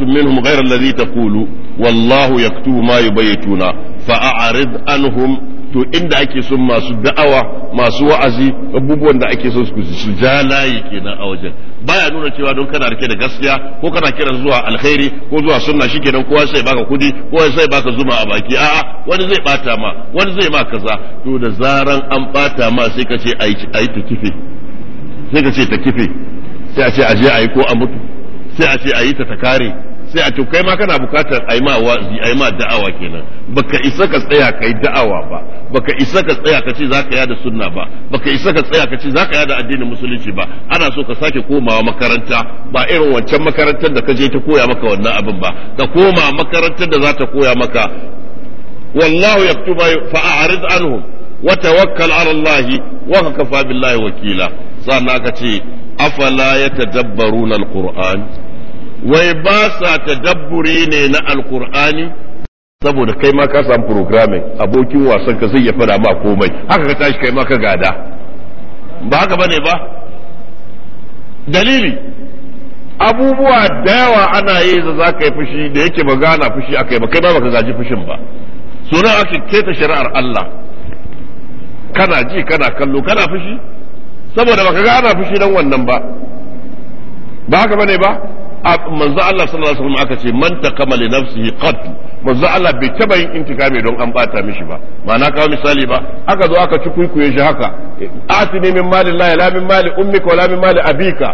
منهم غير الذي تقول والله يكتب ما يبيتون فأعرض عنهم to inda ake son masu da'awa masu wa'azi abubuwan da ake son su su ja layi kenan a wajen baya nuna cewa don kana rike da gaskiya ko kana kiran zuwa alkhairi ko zuwa sunna shikenan kowa sai baka kudi ko sai baka zuma a baki a'a wani zai bata ma wani zai ma kaza to da zaran an bata ma sai ka ce ai ta kife sai ka ce ta kife sai a ce a je a yi ko a mutu sai a ce a yi ta ta kare sai a to kai ma kana bukatar yi ma wa'azi yi ma da'awa kenan baka isa ka tsaya kai da'awa ba baka isa ka tsaya ka ce zaka yada sunna ba baka isa ka tsaya ka ce zaka yada addinin musulunci ba ana so ka sake komawa makaranta ba irin wancan makarantar da ka je ta koya maka wannan abin ba ka koma makarantar da za ta koya maka wallahu fa a'rid anhum wa tawakkal ala Allah wa kafa billahi wakila sannan ka ce afala yatadabbaruna alquran wai ba sa tadabburi ne na alkur'ani saboda kai ma ka samu programming abokin wasan ka zai ya fada ma komai haka ka tashi kai ma ka gada ba haka bane ba dalili abubuwa da yawa ana yi da za ka yi fushi da yake ba gana fushi aka yi ba kai ba ka gaji fushin ba suna ake keta shari'ar Allah kana ji kana kallo kana fushi saboda ba ga ana fushi don wannan ba ba haka bane ba manzo Allah sallallahu alaihi wasallam aka ce man takama li nafsihi qat manzo Allah bai taba yin intikami don an bata mishi ba ma'ana kawo misali ba aka zo aka ci kuikuye shi haka atini min mali la la min mali ummika wala min mali abika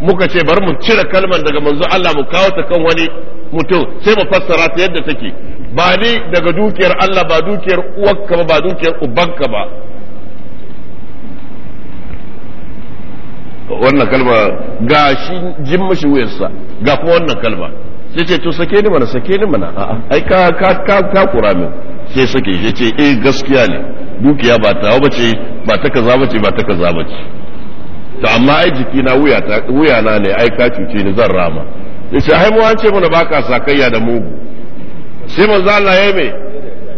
muka ce bari mu cire kalmar daga manzo Allah mu kawo ta kan wani mutum sai mu fassara ta yadda take ba ni daga dukiyar Allah ba dukiyar uwarka ba ba dukiyar ubanka ba wannan kalma ga shi jin mashi wuyarsa ga kuma wannan kalma sai ce to sake ni mana sake ni mana a'a ai ka ka ka ka kura min sai sake ya ce eh gaskiya ne dukiya ba ta ba ce ba ta kaza ba ce ba ta kaza ba ce to amma ai jiki na wuya ta wuya na ne ai ka cuce ni zan rama ya ce ai mu an ce mana baka sakayya da mugu sai manzo Allah ya yi me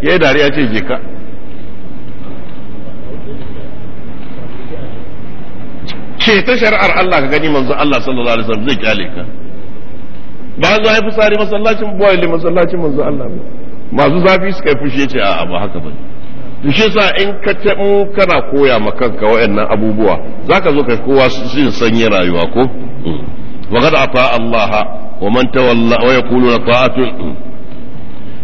yayi dariya ce je ka ce ta shari'ar Allah ka gani manzo Allah sallallahu alaihi wasallam zai kyale ka ba zo ya fitsari masallacin boyle masallacin manzo Allah ba masu zafi suka fushi ce a'a ba haka bane to shi yasa in ka ta kana koya ma kanka wayannan abubuwa zaka zo kai kowa sun sanyi rayuwa ko mm. wa qad ata Allah wa man tawalla wa yaquluna ta'atun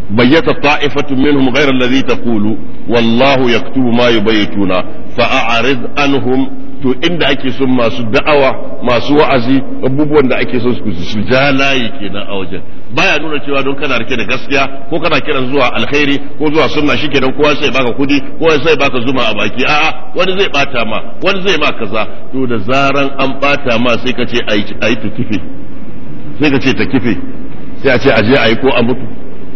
بيت طائفة منهم غير الذي تقول والله يكتب ما يبيتون فأعرض عنهم to inda ake son masu da'awa masu wa'azi abubuwan da ake son su ja layi kenan a wajen baya nuna cewa don kana rike da gaskiya ko kana kiran zuwa alkhairi ko zuwa sunna shikenan kowa sai baka kudi ko sai baka zuma a baki a'a wani zai bata ma wani zai ma kaza to da zaran an bata ma sai ka ce ayi ta kife sai ka ce ta kife sai a ce aje ayi ko a mutu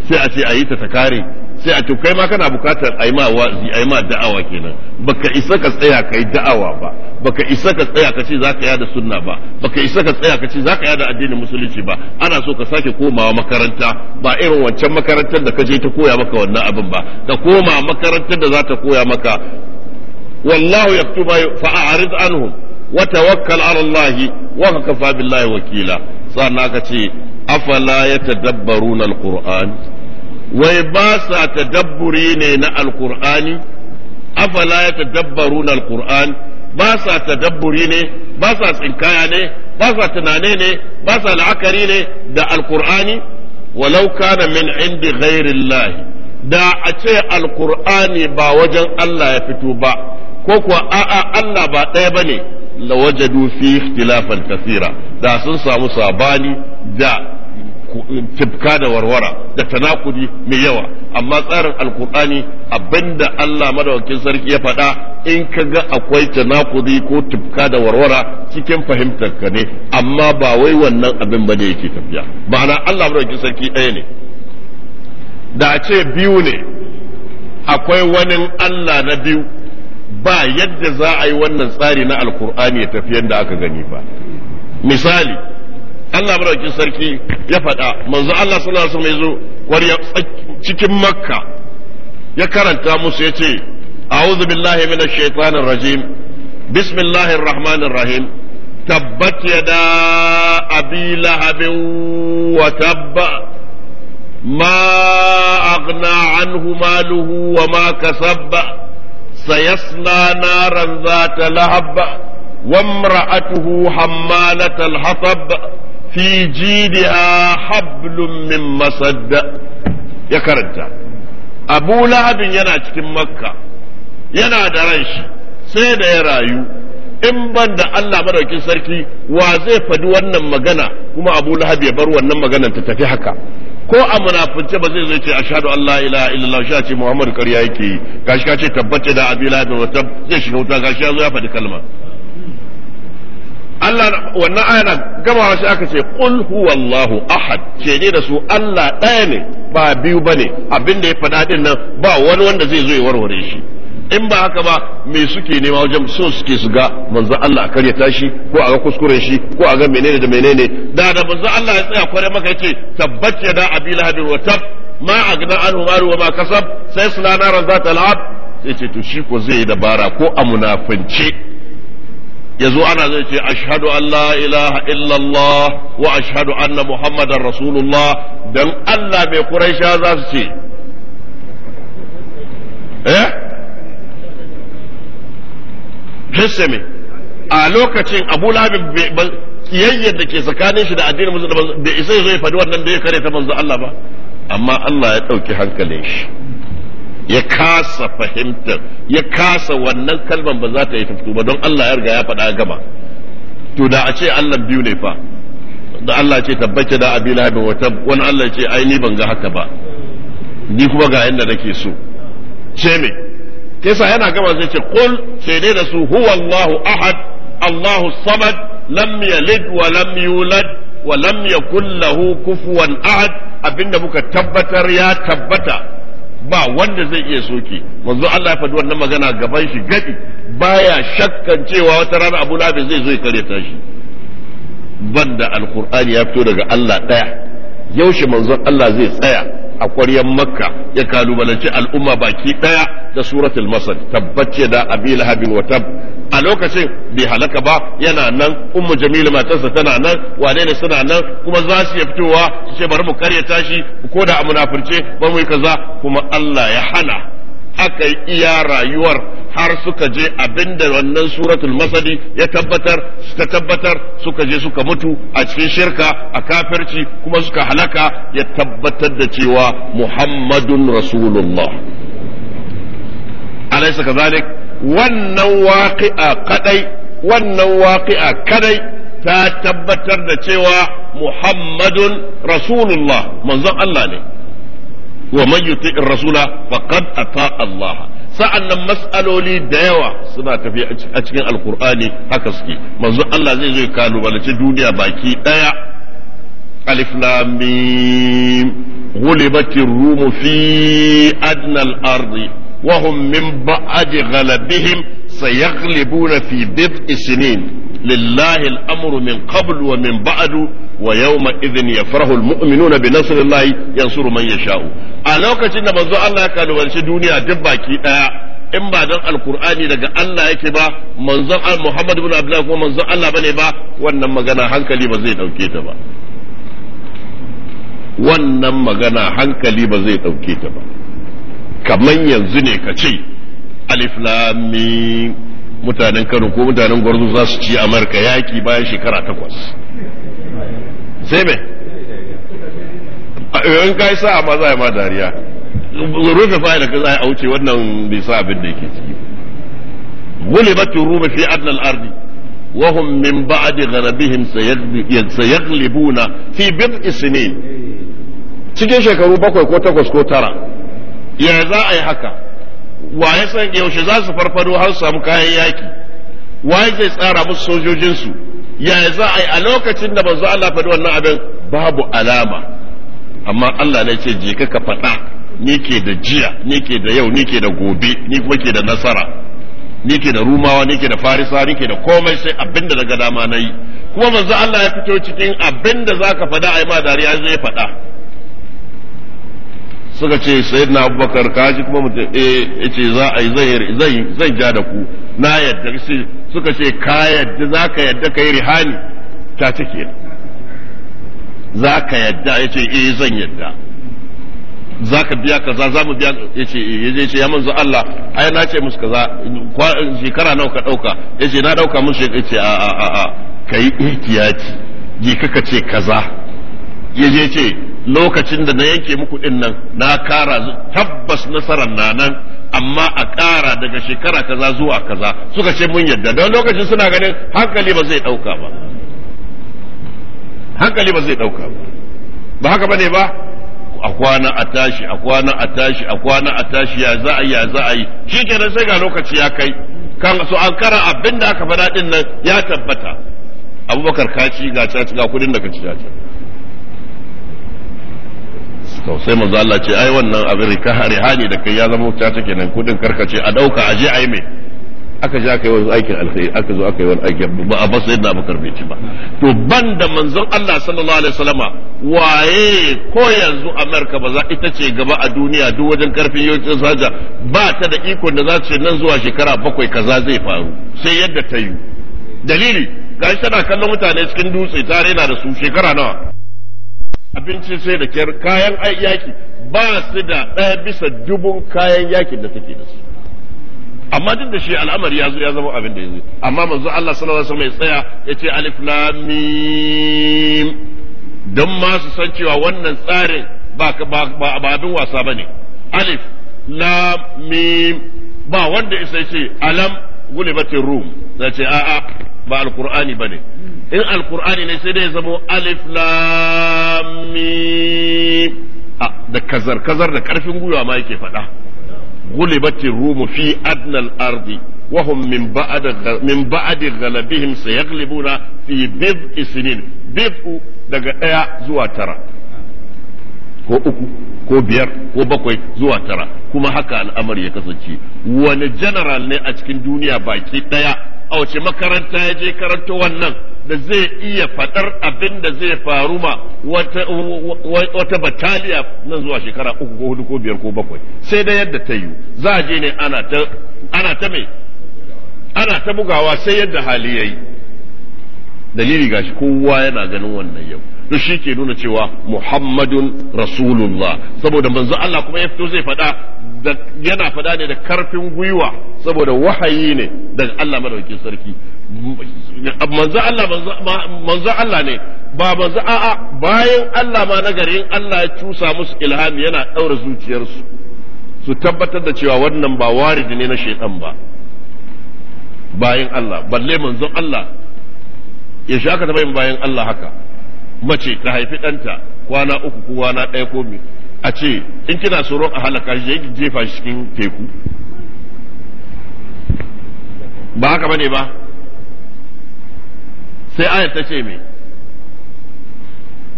sai a ce ayi ta ta kare sai a to kai ma kana bukatar a yi ma wa'azi a yi ma da'awa kenan baka isa ka tsaya ka da'awa ba baka isa ka tsaya ka ce za ka yada sunna ba baka isa ka tsaya ka ce za ka yada addinin musulunci ba ana so ka sake komawa makaranta ba irin wancan makarantar da ka je ta koya maka wannan abin ba ka koma makarantar da za ta koya maka wallahu yaktuba fa'arid anhum wa tawakkal ala Allah wa kafa billahi wakila sannan aka ce afala yatadabbaruna alquran wai ba sa tadabburi ne na alkur'ani afala ya tadabbaru na alkur'an ba sa tadabburi ne ba sa tsinkaya ne ba sa tunane ne ba sa la'akari ne da alkur'ani walau kana min indi ghairillahi da a ce alkur'ani ba wajen Allah ya fito ba ko kuwa a'a Allah ba ɗaya bane waje fi ikhtilafan kasira da sun samu sabani da Tibka da warwara da tanakudi mai yawa amma tsarin alkur'ani abinda Allah madawakin sarki ya faɗa in ka ga akwai tanakudi ko tibka da warwara cikin fahimtar ka ne amma ba wai wannan abin ba ne yake tafiya ma'ana Allah madawakin sarki ɗaya ne da ce biyu ne akwai wani Allah na biyu ba yadda za a yi wannan tsari na alkur'ani ya tafi yadda aka gani ba misali Allah madaukin sarki ya faɗa manzo Allah Suna alaihi wasallam yazo cikin makka ya karanta musu yace a'udhu billahi minash shaitanir rajim bismillahir rahmanir rahim tabbat yada abi lahabin wa tabba ما أغنى عنه ماله وما كسب سيصلى نارا ذات لهب وامرأته حمالة الحطب fi jidiha hablum min ya karanta abu lahabin yana cikin makka yana da ran shi sai da ya rayu in ban da Allah madaukin sarki wa zai fadi wannan magana kuma abu lahab ya bar wannan maganan ta tafi haka ko a munafunce ba zai zai ce ashhadu an la ilaha illallah shi ce muhammadu karya yake yi gashi ka ce tabbace da abu lahab wa zai shiga wuta gashi ya zo ya faɗi kalma Allah wannan aya na gamawa shi aka ce qul huwallahu ahad ce ne da su Allah ɗaya ne ba biyu bane abin da ya faɗa din nan ba wani wanda zai zo ya warware shi in ba haka ba me suke nema wajen so suke su ga manzo Allah a karyata shi ko a ga kuskuren shi ko a ga menene da menene da da manzo Allah ya tsaya kware maka yace tabbat ya da abi lahabin wa tab ma agna anhu malu wa ma kasab sai suna ran zata al'ab sai ce to shi ko zai dabara ko a munafince zo ana zai ce ashadu an la ilaha illallah wa ashhadu anna muhammadar rasulullah dan Allah mai quraisha za su ce eh kisse me a lokacin abu labin kiyayyar ke tsakanin shi da addinin musulunci da isa zai faɗi wannan da ya kare ta manzo Allah ba amma Allah ya ɗauki hankalin shi ya kasa fahimtar ya kasa wannan kalman ba za ta yi fito ba don Allah ya riga ya faɗa gama to da a ce Allah biyu ne fa da Allah ce tabbace da abi lahabin wata wani Allah ce ai ni ban ga haka ba ni kuma ga yanda nake so ce me kisa yana gama zai ce qul sai dai da su huwa Allahu ahad Allahu samad lam yalid wa lam yulad wa lam yakul lahu kufuwan ahad abinda muka tabbatar ya tabbata ba wanda zai iya soke manzo Allah ya faɗi wannan magana gaban shi gadi baya shakkan cewa wata rana Abu lahabi zai zo ya ta shi banda alqur'ani ya fito daga Allah daya yaushe manzon Allah zai tsaya a ƙwaryar makka ya kalubalanci al'umma baki ɗaya da suratul masad tabbace da abi lahabin wa tab a lokacin bai halaka ba yana nan ummu jamilu matarsa tana nan wane ne suna nan kuma za su fitowa su ce bari mu karya shi ko da a munafurce ba mu yi kaza kuma Allah ya hana aka yi iya rayuwar har suka je abinda wannan suratul masadi ya tabbatar suka tabbatar suka je suka mutu a cikin shirka a kafirci kuma suka halaka ya tabbatar da cewa muhammadun rasulullah alaysa kazalik wannan waqi'a kadai wannan waƙi'a kadai ta tabbatar da cewa muhammadun rasulullah manzon Allah ne wa man yuti'ir rasula faqad ata Allah sa'annan mas'aloli da yawa suna tafi a cikin alkur'ani haka suke manzo Allah zai zo kalubalance duniya baki daya alif lam mim ghulibatir rum fi adna ard wa hum min ba'd ghalabihim sayaghlibuna fi bid'i sinin lillahi al-amru min qablu wa min ba'du wa yawma idhin yafrahu almu'minuna bi nasrillahi yansuru man yasha'u a lokacin da manzo Allah ya kalubalci duniya duk baki daya in ba dan alkur'ani daga Allah yake ba manzon Muhammad ibn Abdullah kuma manzon Allah bane ba wannan magana hankali ba zai dauke ta ba wannan magana hankali ba zai dauke ta ba kaman yanzu ne ka ce alif lam mutanen Kano ko mutanen Gwarzo za su ci Amurka yaki bayan shekara takwas sai me in kai sa amma za a yi ma dariya rufe fa'ida ka za a wuce wannan bai sa abin da yake ciki غلبت الروم في أدنى الأرض وهم min بعد gharabihim sayaglibuna fi بضع سنين cikin shekaru bakwai ko takwas ko tara ya za a yi haka waye san yaushe za su farfado har su samu kayan yaki waye zai tsara musu sojojinsu ya za a yi a lokacin da manzo Allah faɗi wannan abin babu alama amma Allah ne ce je ka faɗa ni ke da jiya ni ke da yau ni ke da gobe ni kuma ke da nasara ni ke da rumawa ni ke da farisa ni ke da komai sai abinda daga dama na yi kuma manzo Allah ya fito cikin abinda zaka faɗa a yi ma dariya zai faɗa suka ce sayyidina abubakar kaji kuma mutum eh ce za a yi zai ja da ku na yadda sai suka ce ka yadda za ka yadda ka yi rihani ta take za ka yadda ya ce eh zan yadda za ka biya kaza za mu biya ya ce eh. ya ce ya manzo Allah ai na ce musu kaza shekara nawa ka dauka ya ce na dauka musu ya ce a a a a yi ihtiyati je kaka ce kaza ya je ce lokacin da na yanke muku din nan na kara tabbas nasarar na nan amma a ƙara daga shekara kaza zuwa kaza suka ce mun yadda don lokacin suna ganin hankali ba zai ɗauka ba hankali ba zai ɗauka ba ba haka bane ba a kwana a tashi a kwana a tashi a kwana a tashi ya za a yi ya za a yi shi kenan sai ga lokaci ya kai kan su an kara abin da aka faɗa ɗin nan ya tabbata abubakar kaci ga caci ga kudin da ka ci caci to sai manzo Allah ce ai wannan abin rika rihani da kai ya zama wuta take nan kudin karkace a dauka aje ai me aka je aka yi wani aikin alkhairi aka zo aka yi wani aikin ba a basu yadda ba karbe ci ba to banda manzon Allah sallallahu alaihi wasallama waye ko yanzu America ba za ita ce gaba a duniya duk wajen karfin yokin saja ba ta da ikon da za ta ce nan zuwa shekara bakwai kaza zai faru sai yadda ta yi dalili gashi tana kallon mutane cikin dutse tare na da su shekara nawa abinci sai da kyar kayan yaki ba su da ɗaya bisa dubun kayan yakin da take da su amma duk da shi al'amari ya zo ya zama abin da ya amma manzo Allah sallallahu alaihi wasallam ya tsaya ya ce alif lam mim don ma su san cewa wannan tsarin ba ba abin wasa bane alif lam mim ba wanda isa ce alam gulibatir rum zace a'a ba alqur'ani bane in alkur'ani ne sai dai zamo alif lam mim da kazar kazar da karfin gwiwa ma yake faɗa gulibatir rumu fi adnal ardi hum min ba'd min ba'd ghalabihim sayaghlibuna fi bid isnin بضع daga ɗaya zuwa tara ko uku ko biyar ko bakwai zuwa tara kuma haka al'amari ya kasance wani general ne a cikin duniya baki ɗaya a wace makaranta ya je karanto wannan da zai iya fadar abin da zai faru ma wata bataliya nan zuwa shekara uku ko hudu ko biyar ko bakwai sai da yadda ta yi za a je ne ana ta mai ana ta bugawa sai yadda hali ya yi. dalili gashi kowa yana ganin wannan yau duk shi ke nuna cewa muhammadun rasulullah saboda manzo Allah kuma ya fito zai faɗa yana fada ne da karfin gwiwa saboda wahayi ne daga Allah madaukakin sarki manzo Allah manzo Allah ne ba manzo a'a bayan Allah ma nagarin Allah ya cusa musu ilhami yana daura zuciyarsu su tabbatar da cewa wannan ba waridi ne na shaitan ba bayan Allah balle manzon Allah ya shaka aka taɓa bayan Allah haka mace ta haifi ɗanta kwana uku kwana ɗaya ko biyu a ce in kina tsoron a halaka shi ki jefa cikin teku ba haka bane ba sai ayat ta ce me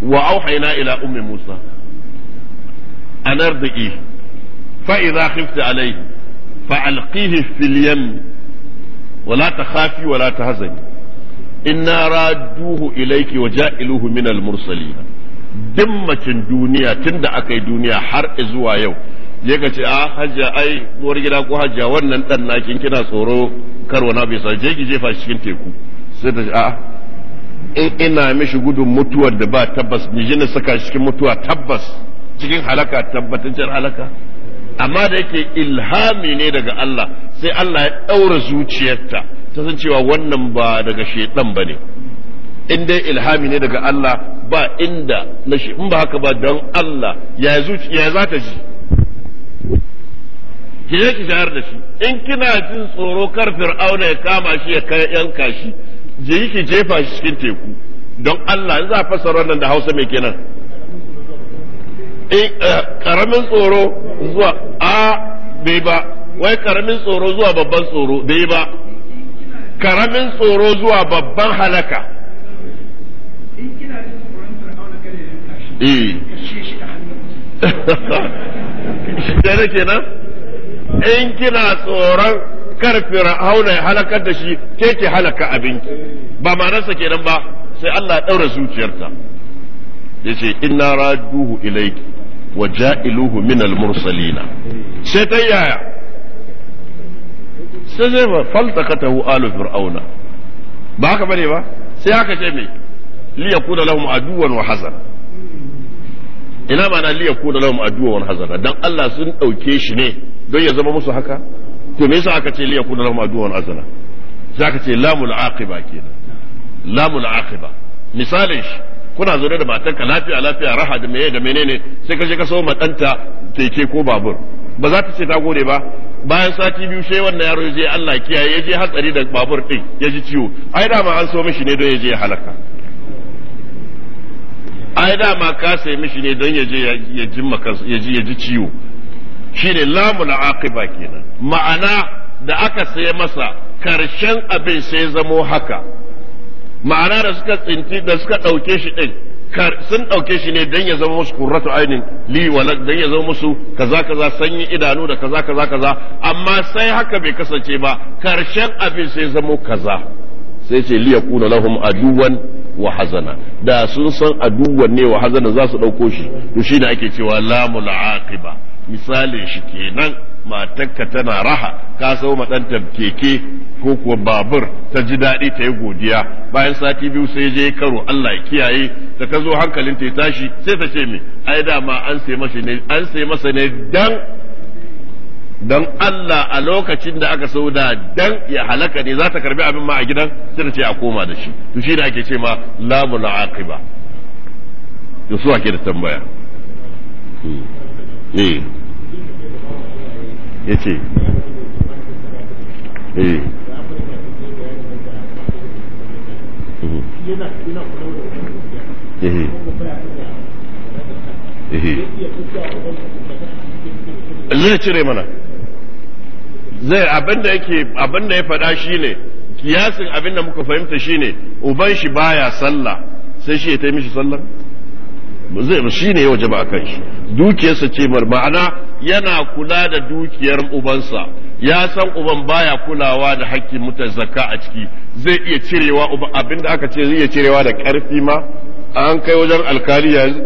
wa auhayna ila ummi musa an ardihi fa idza khifti alayhi fa alqihi fil yam wa la takhafi wa la tahzani inna radduhu ilayki wa ja'iluhu min al dimmacin duniya tun da aka yi duniya har zuwa yau ya ka ce a ah, hajiya ai uwar gida ko hajiya wannan dan nakin kina tsoro karwa na bai sa je ki jefa shi cikin teku sai ta ce a in ina mishi gudun mutuwar da ba tabbas ni jini saka cikin mutuwa tabbas cikin halaka tabbataccen halaka amma da yake ilhami ne daga Allah sai Allah ya ɗaura zuciyarta ta san cewa wannan ba daga shedan bane. in dai ilhami ne daga Allah ba inda na shi in ba haka ba don Allah ya zuciya za ta ji ki je ki shayar da shi in kina jin tsoro kar fir'auna ya kama shi ya kai yanka shi je ki jefa shi cikin teku don Allah in za a fassara nan da Hausa mai kenan in eh, karamin eh, tsoro zuwa a bai ba wai karamin tsoro zuwa babban tsoro bai ba karamin tsoro zuwa babban halaka Eh. Shida kenan? In kina tsoron kar hauna ya halakar da shi ke ki halaka abinki ba ma'anarsa kenan ba sai Allah ya ɗaura zuciyarta yace inna raduhu ilayki wa ja'iluhu min al-mursalina sai ta yaya sai zai ba tahu alu fir'auna ba haka bane ba sai haka ce me liya yakuna lahum aduwan wa hazan ina ma na liya kuna lahum wal hazana dan Allah sun dauke shi ne don ya zama musu haka to me yasa aka ce liya kuna lahum aduwan hazana zaka ce lamul aqiba kenan lamul aqiba misalin shi kuna zaune da matarka lafiya lafiya raha da meye da menene sai ka je ka sawo matanta keke ko babur ba za ta ce ta gode ba bayan sati biyu sai wannan yaro ya je Allah kiyaye ya je hatsari da babur din ya ji ciwo ai da ma an so mishi ne don ya je halaka ai dama ka sai mishi ne don ya ya ji ya ji ya ji ciwo shine lamul aqiba kenan ma'ana da aka sai masa karshen abin sai zamo haka ma'ana da suka tsinti da suka dauke shi din sun ɗauke shi ne don ya zama musu kurratu ainin li wala don ya zama musu kaza kaza sanyi idanu da kaza kaza kaza amma sai haka bai kasance ba karshen abin sai zamo kaza sai ce li yaqulu lahum aduwan wa hazana da sun san aduwan ne wa hazana za su ɗauko shi to shi ne ake cewa lamul aqiba misalin shi kenan matarka tana raha ka sau maɗanta keke ko kuwa babur ta ji daɗi ta yi godiya bayan sati biyu sai je karo Allah ya kiyaye da ka zo hankalin ta tashi sai ta ce me ai dama an sai masa ne an sai masa ne dan don Allah a lokacin da aka so da dan ya halaka ne za ta karbi abin ma a gidan sai ta ce a koma da shi to shi ne ake ce ma lamu aqiba to su ake da tambaya eh hmm. yace eh ya eh zai hmm. eh. eh. eh. cire mana zai abinda yake abinda ya faɗa ne kiyasin abinda muka fahimta shi ne uban shi baya sallah sai shi ya ta mishi sallah zai shi ne ya wajaba a kan shi dukiyarsa ce ma'ana yana kula da dukiyar ubansa ya san uban baya kulawa da hakkin mutan zakka a ciki zai iya cirewa abinda aka ce zai iya cirewa da karfi ma an kai wajen alkali yanzu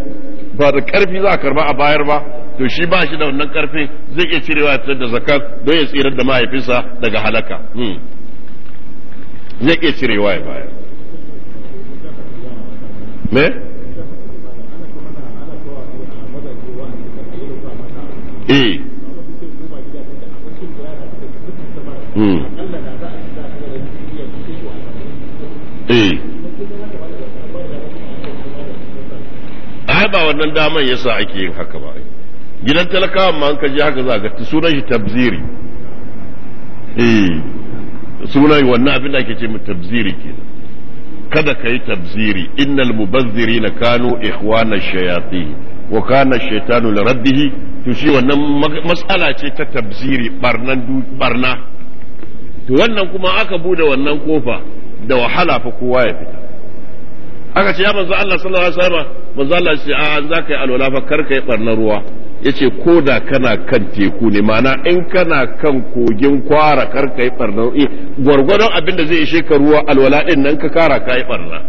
ba da karfi za a karba a bayar ba to shi ba shi da wannan karfi zai iya cirewa ya fitar da zakat don ya tsirar da mahaifinsa daga halaka hmm. zai iya cirewa ya bayar me eh, hmm. eh. ai ba wannan daman yasa ake yin haka ba gidan talakawa ma an kaji haka za ga sunan shi tabziri eh sunan wannan abin da ake ce mu tabziri ke. kada ka yi tabziri innal na kano ikhwana shayati wa kana shaitanu la rabbih to shi wannan mas'ala ce ta tabziri barnan barna to wannan kuma aka bude wannan kofa da wahala fa kowa ya fita aka ce ya manzo Allah sallallahu alaihi wasallam manzo Allah ya ce a an zaka yi alwala fa kar ka yi barnar ruwa Ya ce ko da kana kan teku ne mana in kana kan kogin kwara kar yi barna eh, gwargwadon abin da zai ishe ka ruwa alwala din nan ka kara ka yi barna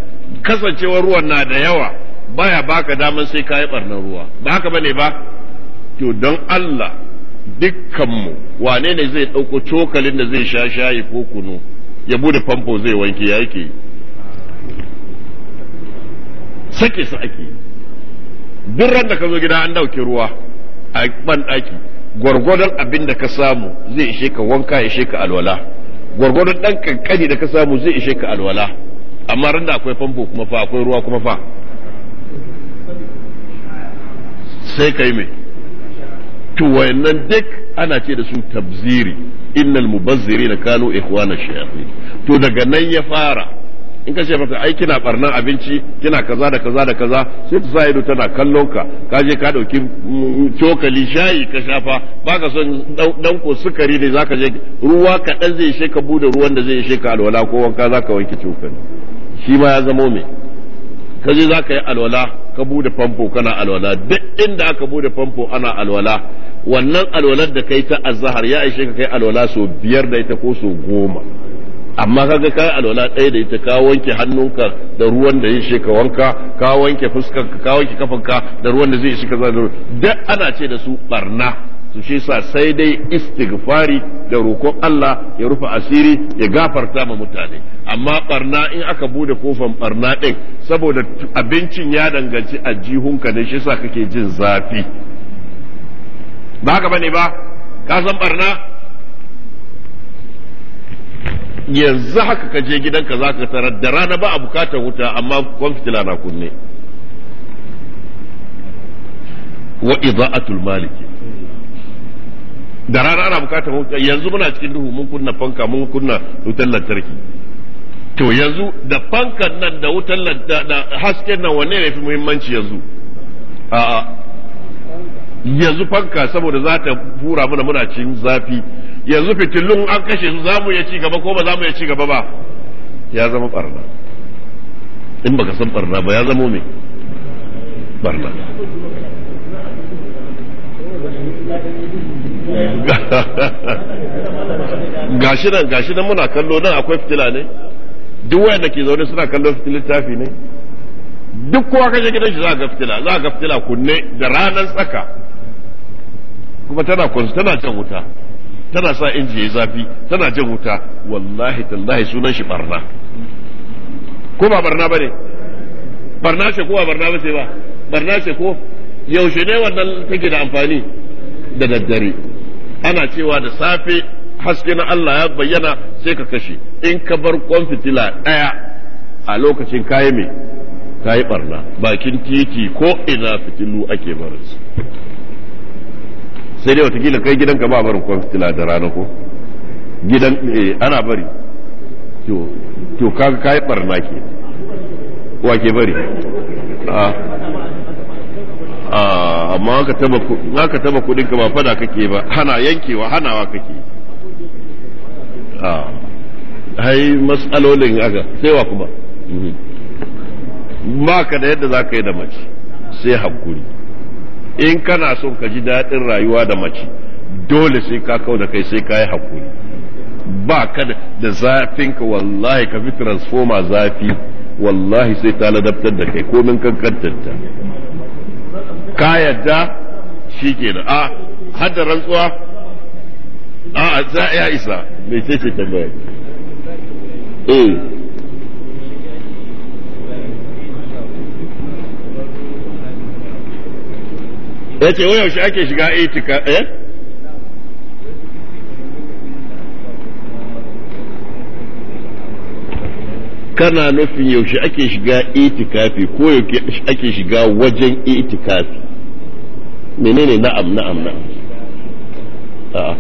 kasancewar ruwan na da yawa baya baka daman sai ka yi barna ruwa ba haka bane ba to don Allah dukkanmu wane ne zai ɗauko cokalin da zai sha shayi ko kunu ya bude famfo zai wanke ya yake sake su ake duk ran da ka zo gida an ɗauki ruwa a banɗaki gwargwadon abin da ka samu zai ishe ka wanka ya ishe ka alwala gwargwadon ɗan kankani da ka samu zai ishe ka alwala amma randa akwai famfo kuma fa akwai ruwa kuma fa sai kai mai to wayannan duk ana ce da su tabziri innal mubazziri na kano ikhwana shayatin to daga nan ya fara in ka ce mata ai kina barnan abinci kina kaza da kaza da kaza sai ta sa ido tana kallon ka ka je ka dauki mm, cokali shayi ka shafa baka son dan ko sukari ne zaka je ruwa kaɗan zai ishe ka bude ruwan da zai ishe ka alwala ko wanka zaka wanke cokali shi ma ya zamo me ka je zaka yi alwala ka bude famfo kana alwala duk inda aka bude famfo ana alwala wannan alwalar da kai ta azhar ya ishe ka kai alwala so biyar da ita ko so goma amma kaga kai alwala ɗaya da ita ka wanke hannunka da ruwan da ya shi ka wanka ka wanke fuskarka ka wanke kafanka da ruwan da zai shi ka zai duk ana ce da su barna su shi sa sai dai istighfari da roƙon Allah ya rufe asiri ya gafarta ma mutane amma barna in aka bude kofan barna ɗin saboda abincin ya danganci a jihunka ne shi sa kake jin zafi ba haka ne ba ka san barna yanzu haka ka je gidanka za ka tarar da rana ba a bukatar wuta amma kwan fitila na kunne wa iza'atul maliki da rana ana bukatar wuta yanzu muna cikin duhu mun kunna fanka mun kunna wutar lantarki to yanzu da fankan nan da wutar da hasken nan wanne ne fi muhimmanci yanzu a'a yanzu fanka saboda za ta fura mana muna cikin zafi yanzu fitilun an kashe su zamu ya ci gaba ko ba zamu ya ci gaba ba ya zama barna in baka san barna ba ya zama me barna gashi nan gashi nan muna kallo nan akwai fitila ne duk wanda ke zaune suna kallon fitilin tafi ne duk kowa kashe gidan shi za ga fitila za ga fitila kunne da ranar tsaka kuma tana kunsu tana can wuta tana sa inji ya zafi tana jin wuta wallahi tallahi sunan shi barna ko ba barna bane barna ce ko ba barna ba ba barna ce ko yaushe ne wannan take da amfani da daddare ana cewa da safe haske na Allah ya bayyana sai ka kashe in ka bar kwan fitila ɗaya a lokacin kayi mai kayi barna bakin titi ko ina fitilu ake barinsa? sai dai watakila kai gidanka ba barin kwamfitila da rana ko gidan eh, ana bari to kaga kayi barna ke wa ke bari ah. Ah, amma ka taba kudin ka ba fada kake ba hana yankewa hanawa kake hai ah. matsalolin aga sai wa kuma mhm. ba ka da yadda za ka yi da mace sai hakuri in kana son ka ji daɗin rayuwa da mace dole sai ka kau da kai sai ka yi hakuri ba ka da zafin ka wallahi ka fi transforma zafi wallahi sai ta ladabtar da kai komin kan kantanta ka yadda shi ke da a hada rantsuwa a za ya isa mai ce ce tambaya eh ya ce wa yaushe ake shiga itika eh kana nufin yaushe ake shiga itikafi ko yaushe ake shiga wajen itikafi menene na'am na'am na'am a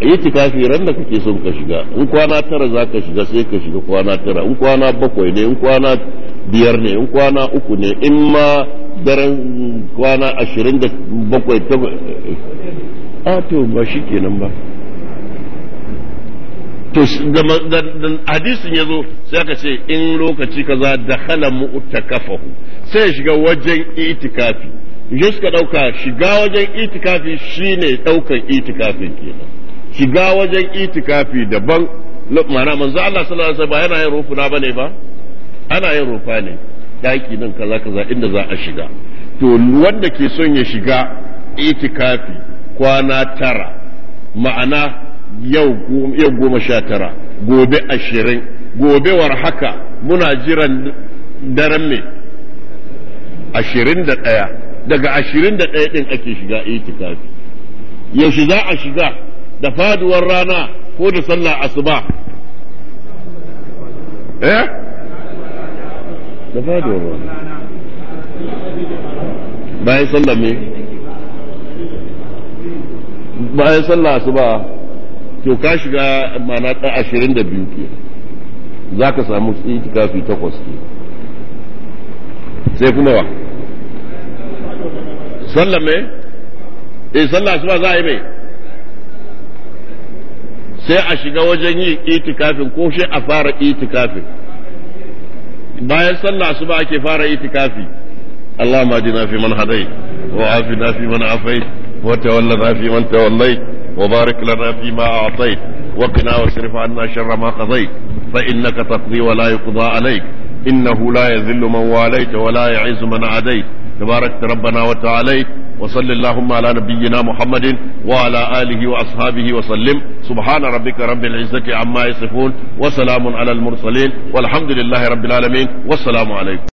itikafi ran da kake son ka shiga in kwana tara za ka shiga sai ka shiga kwana tara in kwana bakwai ne in kwana biyar ne in kwana uku ne in ma daren kwana ashirin da bakwai ta a to ba shi kenan ba to hadisin ya zo sai aka ce in lokaci ka kaza da hala kafahu sai ya shiga wajen itikafi ya suka ɗauka shiga wajen itikafi shine ɗaukan itikafin kenan shiga wajen itikafi daban maana manzo Allah sallallahu alaihi wasallam ba yana yin rufuna bane ba ana yin rufa ne daki nan kaza kaza inda za a shiga to wanda ke son ya shiga itikafi kwana tara ma'ana yau goma sha tara gobe ashirin gobewar haka muna jiran daren ne, ashirin da ɗaya daga ashirin da ɗaya ɗin ake shiga itikafi ya shiga a shiga da faduwar rana ko da sallah asuba eh da faduwar ba bayan sallah me bayan sallah su ba to ka shiga mana ta ashirin da biyu ke za ka samu itikafi takwas ke sai kuma wa sallah me eh sallah su ba za a yi mai sai a shiga wajen yi itikafin ko shi a fara itikafin bayan sallah su ba ake fara itikafi Allah ma dina fi man hadai wa afi na fi man afai wa tawalla na fi man tawallai wa rabbana wa وصل اللهم على نبينا محمد وعلى آله وأصحابه وسلم سبحان ربك رب العزة عما يصفون وسلام على المرسلين والحمد لله رب العالمين والسلام عليكم